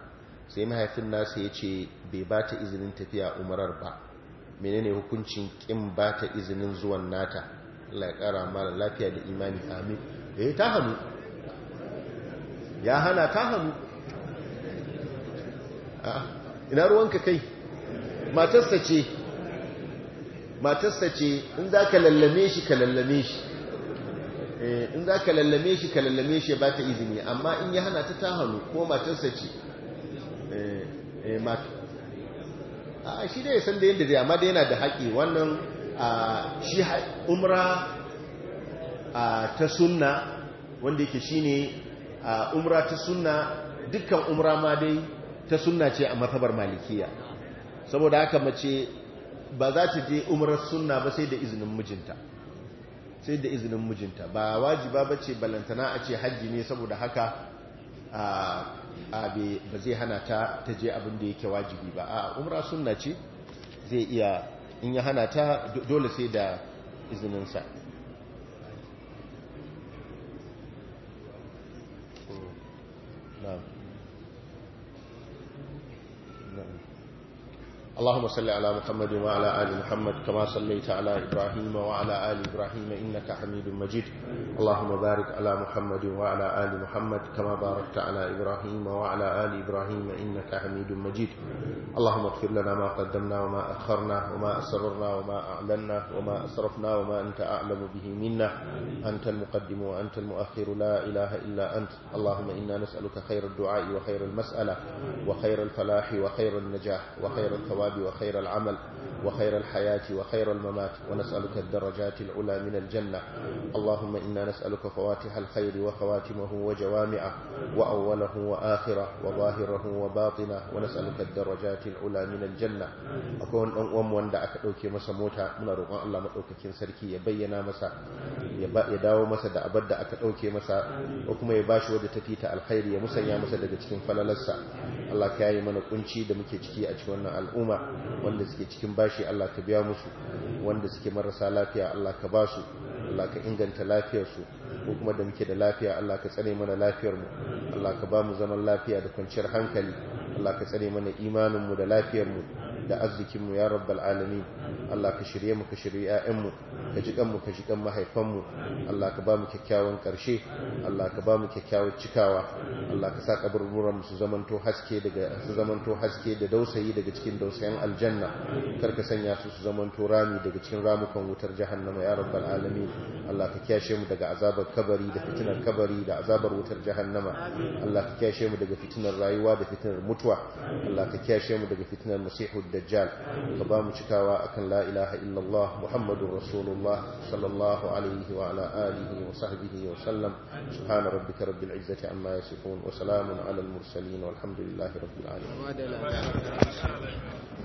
B: sai mahaifin nasa yace bai ba ta izinin tafiya umarar ba menene hukuncin kin ba ta izinin zuwan nata Allah ya kara mara lafiya da imani amin eh ta hanu ya hana ta hanu ah, ina ruwanka kai matarsa ce matarsa ce in za ka lallame shi ka lallame shi eh, in za ka lallame shi ka lallame shi ba ta izini amma in ya hana ta tahanu, ko matarsa ce eh, eh, a shi dai san da yadda zai amma da yana da haƙi wannan shi umra ta sunna wanda yake shi ne umra ta sunna dukkan umra ma dai ta sunna ce a matsabar malikiya saboda haka mace ba za ta je umrar suna ba sai da izinin mijinta sai da izinin mijinta ba wajiba ba ce balantana a ce hajji ne saboda haka ba zai hana ta ta je abin da yake wajibi ba a umra sunna ce zai iya in ya hana ta dole sai da izininsa اللهم صل على محمد وعلى آل محمد كما صليت على إبراهيم وعلى آل إبراهيم إنك حميد مجيد اللهم بارك على محمد وعلى آل محمد كما باركت على إبراهيم وعلى آل إبراهيم إنك حميد مجيد اللهم اغفر لنا ما قدمنا وما أخرنا وما أسررنا وما أعلنا وما أسرفنا وما أنت أعلم به منا أنت المقدم وأنت المؤخر لا إله إلا أنت اللهم إنا نسألك خير الدعاء وخير المسألة وخير الفلاح وخير النجاح وخير الثواب الثواب وخير العمل وخير الحياة وخير الممات ونسألك الدرجات العلى من الجنة اللهم إنا نسألك فواتح الخير وخواتمه وجوامعه وأوله وآخره وظاهره وباطنه ونسألك الدرجات العلى من الجنة أكون أم وندع أكدوك مسموتا من رقاء الله مدوكك سركي يبين مسا يداو مسا دا أبدا da aka ɗauke masa ko kuma ya bashi wadda ta fita alkhairi ya musanya masa daga cikin falalarsa Allah ka yi mana kunci da muke ciki a cikin wannan al'umma ba wanda suke cikin bashi Allah ka biya musu wanda suke marasa lafiya Allah ka ba su Allah ka inganta lafiyarsu ko kuma da muke da lafiya Allah ka tsare mana lafiyarmu Allah ka ba mu zaman lafiya da kwanciyar hankali Allah ka tsare mana imaninmu da lafiyarmu da arzikinmu ya rabbal alamin Allah ka shirye mu ka shirye ƴaƴanmu ka ji ka ji mahaifanmu Allah ka ba mu kyakkyawan ƙarshe Allah ka ba mu kyakkyawar cikawa Allah ka sa kaburburan su zamanto haske daga su zamanto haske da dausayi daga cikin dausayin aljanna kar ka sanya su su zamanto rami daga cikin ramukan wutar jahannama ya rabbal alamin Allah ka kyashe mu daga azabar kabari da fitinar kabari da azabar wutar jahannama Allah ka kyashe mu daga fitinar rayuwa da fitinar mutuwa Allah ka kyashe mu daga fitinar masihud dajjal ka ba mu cikawa akan la ilaha illallah muhammadur rasulullah sallallahu alaihi wa ala alihi wa sahbihi wa sallam subhana rabbika rabbil izzati amma yasifun wa salamun ala al mursalin walhamdulillahi rabbil
A: alamin